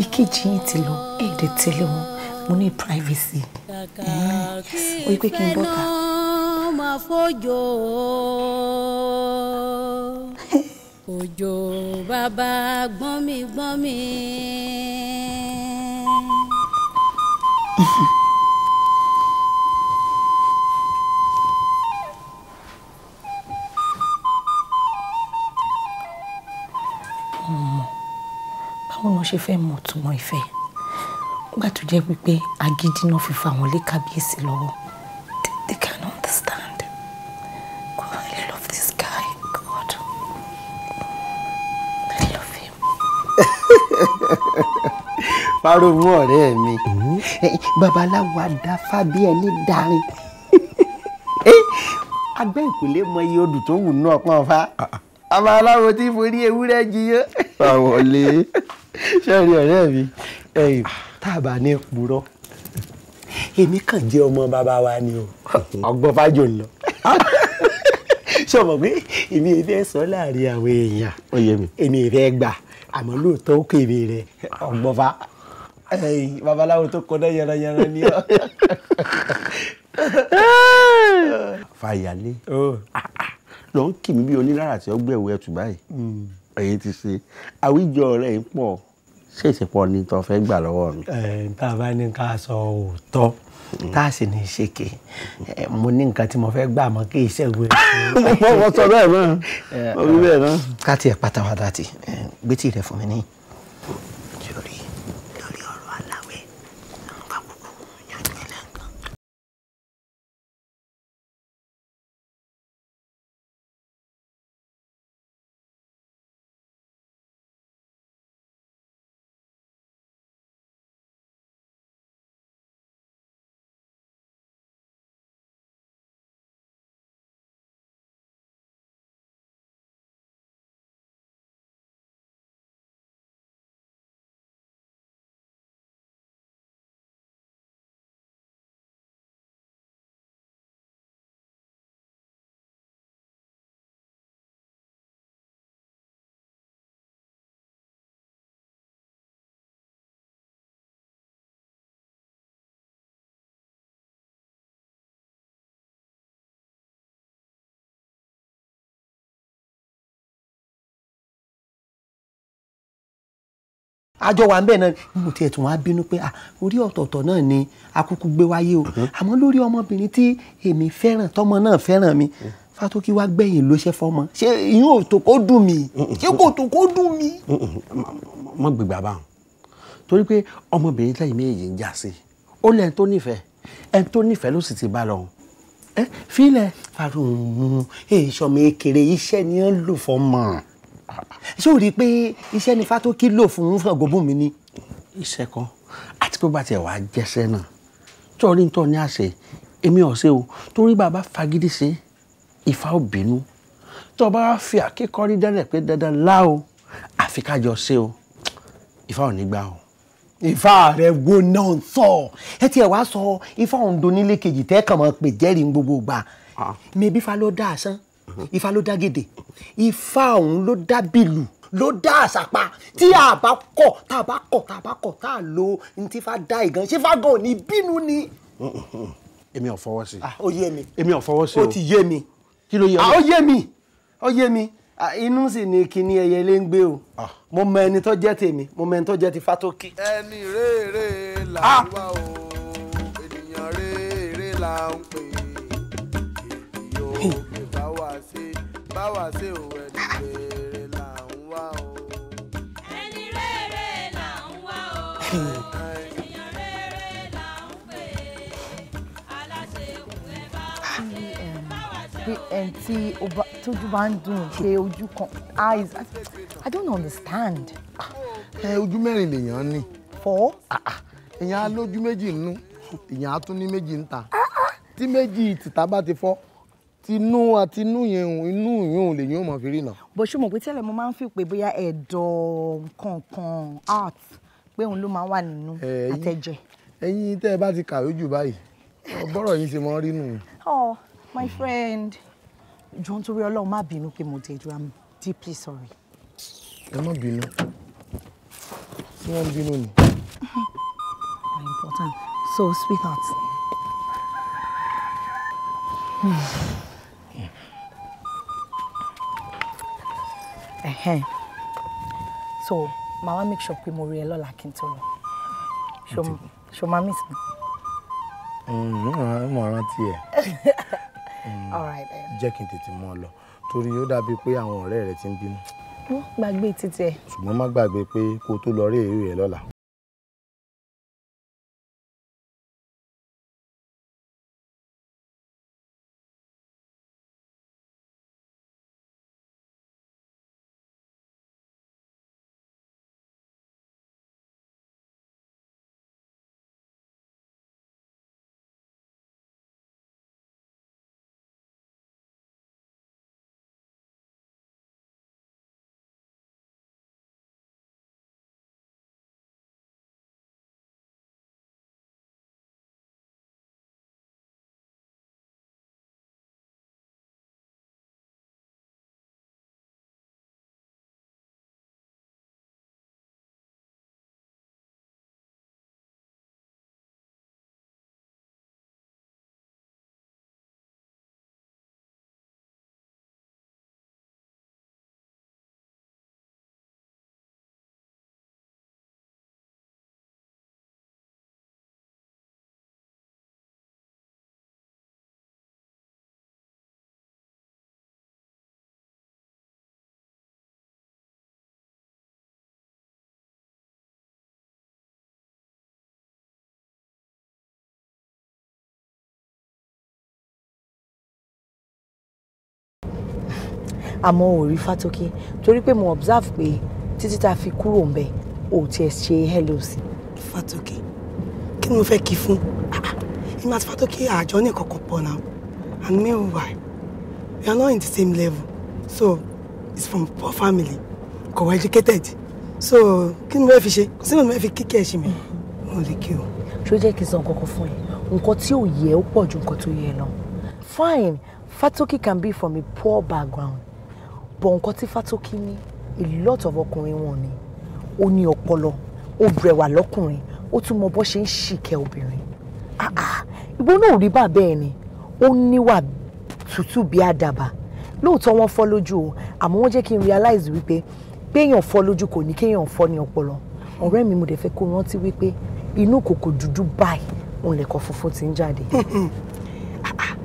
Ìkejì yìí ti lọ, èdè wọn, mo ní privacy. Eh, Ó yí pé kí n bọ́ta máa fòjò òjò bàbá gbọ́nmi gbọ́nmi. báwo ni wọ́n ṣe fẹ́ mọ̀ túmọ̀ ìfẹ́ nígbà tó jẹ́ wípé agídí náà fi fà wọ́n lé kábíyèsí lọ́wọ́. farogun (laughs) ọ̀rẹ́ mi mm-hmm. babaláwo adáfá bí ẹni darin (laughs) eh, agbẹ́ ìkúlé mọ iye odù tó wù náà pọ́n fa babaláwo tí forí ewúrẹ́ jiyó. fàwọlé (laughs) sẹ́rí ọ̀rẹ́ mi ah. tábà ní purọ́ èmi kàn jẹ́ ọmọ bàbá wa ni o ọgbọ́n fájò ń lọ sọmọ pé èmi ìfẹ́ sọ láàrin àwọn èèyàn èmi ìfẹ́ gbà àmọ́ lóòótọ́ ó kèwé rẹ̀ ọ̀gbọ́nba babaláwo tó kọ́ náà yẹranyẹran ni ọ́. fàyàlé ah, ah. lọ ń kì mí bí onílára tí ó gbẹ̀wò ẹ̀tù báyìí èyí hmm. ti ṣe àwíjọ rẹ̀ ń pọ̀ ṣèṣìpọ̀ ni tó fẹ́ gbà lọ́wọ́ mi. tá a bá ní ká sọ òótọ́ tá a sì ní í ṣe ké mo ní nǹkan tí mo fẹ́ gbà mọ́ kí iṣẹ́ ìwé. (laughs) mo sọ bẹ́ẹ̀ náà mo rí bẹ́ẹ̀ náà. ká tiẹ̀ pátáwádá ti gbé tí rẹ̀ fún mi níyì. àjọ wa ń bẹ̀ náà mo tiẹ̀ tún wá bínú pé orí ọ̀tọ̀ọ̀tọ̀ náà ni akúkú gbé wáyé o mhm. àmọ́ lórí ọmọbìnrin tí èmi fẹ́ràn tọmọ náà fẹ́ràn mi mhm. fatoki wa gbẹ̀yìn ló ṣe fọmọ ṣé ìyún òtò kó dùn mí ṣé kò tó kó dùn mí. mo gbìgbà bá wọn torí pé ọmọbìnrin tẹ̀yìn méjì ń jà sí ó lẹ́ni tó nífẹ̀ẹ́ ẹni tó nífẹ̀ẹ́ ló sì ti bá lọ ẹ fílẹ̀ fàrùn èèṣọ́ mi kéré iṣẹ́ ni ó ń lò fọmọ ṣé o rí i pé iṣẹ́ ni fátó kí lò fún Fángóbùnmi ni. iṣẹ́ kan àti pé bá tiẹ̀ wá jẹ́sẹ́ náà tọ́rí ń tọ́ ní àṣẹ èmi ọ̀sẹ̀ o torí bàbá fagídí ṣe Ifá ò bínú tó bá fi àkékọ́rí dẹ́rẹ̀ pé dandan lá o àfi kájọ ṣe o Ifá ò ní gbà o. Ifá rẹ̀ wo náà ń sọ ẹ tiẹ̀ wá sọ Ifá òǹdo nílé kejì tẹ́ kàn máa pè jẹ́rìí gbogbo gbà ah. mẹ́bí fa ló dá àṣán ifá ló dá gèdè ifá òun ló dá bìlù ló dá àṣàpá tí a bá kọ̀ tá a bá kọ̀ tá a bá kọ̀ tá a lo tí ifá dá ìgan ṣé ifá gan ni bínú ni. èmi ò fọwọ́ sí. Ah, ó yé mi èmi ò fọwọ́ sí o. ó ti yé mi. kí ló yé mi. Ah, ó yé mi ó yé mi ah, inú sì ni kíní ẹyẹ ilé ń gbé o mo mọ ẹni tó jẹ́ tèmi mo mọ ẹni tó jẹ́ ti fátókì. ẹni rere là ń wá o ènìyàn rere là ń pè é báwa ṣe ò ẹni rere là ń wá o. ẹni rere là ń wá o. ènìyàn rere là ń pè é. aláṣẹ òwe bá wà ṣe báwa um, ṣe ò. ẹn um, tí tójú bá ń dùn ṣe ojú kan eyes I don't understand. ojú mẹ́rin lèèyàn ní. fọ́. Ah, ah, èèyàn á lójú méjì nínú èèyàn á tún ní méjì níta ah, tí méjì tìta bá ti fọ́ tinú àtinú yẹn inú yẹn lè yẹn ò máa fi rí náà. bó ṣe mọ̀ pé tẹ́lẹ̀ mo máa ń fi pé bóyá ẹ̀dọ̀ kankan art pé òun ló máa wà nínú àtẹ̀jẹ̀. ẹ̀yin tẹ́ ẹ bá ti kàwé jù báyìí bọ́rọ̀ yìí ṣe máa ń rí nù. oh my friend john torí ọlọ́run má bínú pé mo dẹ̀jú am deeply sorry. ẹ má bínú tí wọ́n ń bínú ni. very important so sweetheart. (sighs) Hmm. ẹ̀hẹ́n so Mama wá make sure pé mo rí ẹ lọ́la kí n tó lọ ṣo máa miss mi. Mm, mo rántí ẹ (laughs) mm, jẹ́ kí n tètè mú ọ lọ torí ó dàbí pé àwọn ọ̀rẹ́ rẹ ti ń bínú. gbàgbé títí ẹ. ṣùgbọ́n má gbàgbé pé kó o tó lọ rí èrè rẹ lọ́la. àmọ́ ò rí Fátókè torí pé mo observe pé títí tá a fi kúrò ń bẹ̀ ò tiẹ̀ ṣe hello sí. Fátókè kí ni mo fẹ́ kí fún ìmọ̀ àti Fátókè àjọ ní ìkọ̀kọ̀ pọ̀ náà and why? we are not in the same level so it's from poor family kò wá educated so kí ni mo fẹ́ fi ṣe kò sí ní mo fẹ́ fi kíkẹ́ ẹ̀ ṣe mi ò mm-hmm. lè kí o. ṣó jẹ́ kí n san kọ́kọ́ fún ẹ nǹkan tí ò yẹ ó pọ̀ ju nǹkan tó yẹ lọ. fine Fatoki can be from a poor background bọ̀ nǹkan tí Fátókí ní a lot ọkùnrin wọn ni ó ní ọpọlọ ó brẹwà lọ́kùnrin ó tún mọ bó ṣe ń ṣìkẹ́ obìnrin ah, ah, ìbò náà rí bàbá ẹ̀ ni ó níwà tútù bí àdàbà lóòótọ́ wọ́n fọ́ lójú o àmọ́ wọ́n jẹ́ kí n realize wípé péèyàn fọ́ lójú kò ní kéèyàn fọ́ ní ọpọlọ ọ̀rẹ́ mi mo dẹ̀ fẹ́ kó rántí wípé inú kòkò dúdú báyìí òun funfun ti ń jáde. (laughs) Ah,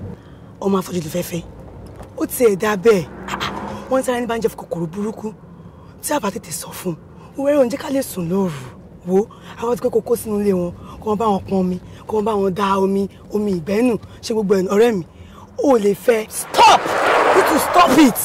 ọmọ afọ́jú ló fẹ́ fẹ́ ó tiẹ̀ dá bẹ́ẹ̀ wọ́n ń sára ní bá ń jẹ́ kòkòrò burúkú tí àbá tètè sọ fún un wọ́n rẹ́rùn jẹ́ ká lè sùn lóru wo àwọn ti pé kókó sínú ilé wọn kó wọn bá wọn pọn omi kó wọn bá wọn da omi omi ìgbẹ́nù ṣe gbogbo ẹ̀ ọ̀rẹ́ mi ò lè fẹ́. stop you to stop it.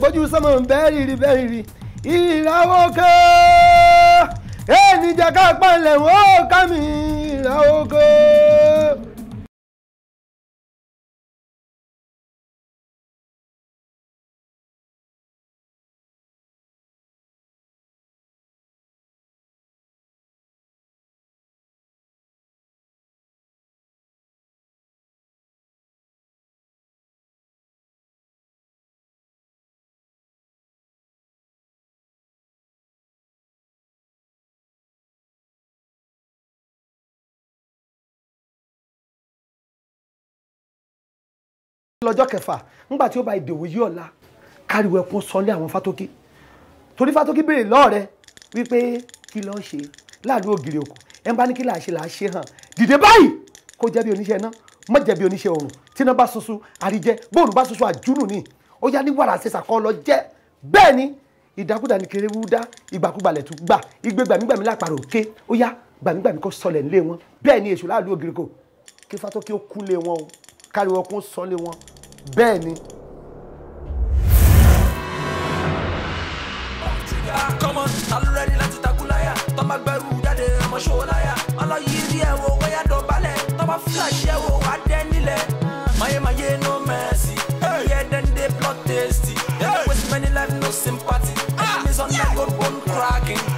gbójú sọmọ ń bẹ́ẹ̀ rírì bẹ́ẹ̀ rírì ìràwọ̀ kẹ́ ẹ̀ níjà ká pàlẹ̀ wọ́n ká mi ìràwọ̀ kẹ́ ẹ̀. lọ́jọ́ kẹfà ńgbà tí ó bá ìdòwò yí ọ̀la káriwo ẹkún sọlé àwọn fátókì torí fátókì béèrè lọ́ọ̀rẹ́ wípé kí lọ́ọ́ ṣe láàrin ògiri òkú ẹ̀ ń bá ní kí là á ṣe là á ṣe hàn dìde báyìí kó jẹ́ bí oníṣẹ́ iná mọ̀ jẹ́ bí oníṣẹ́ oòrùn tíná bá sunsun àríjẹ bóòlù bá sunsun àjúnù ni ó yá ní wàrà ṣẹṣà kan lọ jẹ́ bẹ́ẹ̀ ni ìdákúdà ní kéré wúdá ìgbàkúgbà lẹ̀tún gbà igbe gbàmígbàmí lápàrọ̀ òkè ó yá gbàmígbàmí kó sọlẹ̀ nílé wọn bẹ́ẹ̀ ni èṣù láàlú ògiri kò kí fátókì ó kú lé wọn o káriwo kún sọlé wọn bẹ́ẹ̀ ni. kọ́mọ alúrẹ́dí láti takú láyà tọ́ba gbẹ́rù jáde ọmọ ṣòwò láyà ọlọ́yìí rí ẹ̀wọ̀ wáyà dọ̀bálẹ̀ tọ́ba fúláṣí ẹ̀wọ̀ wá dẹ́ nílẹ̀ mayemaye no mercy iye dem dey blood tasty dem dey waste many life no sympathy ah, enemies on that road bone cracking.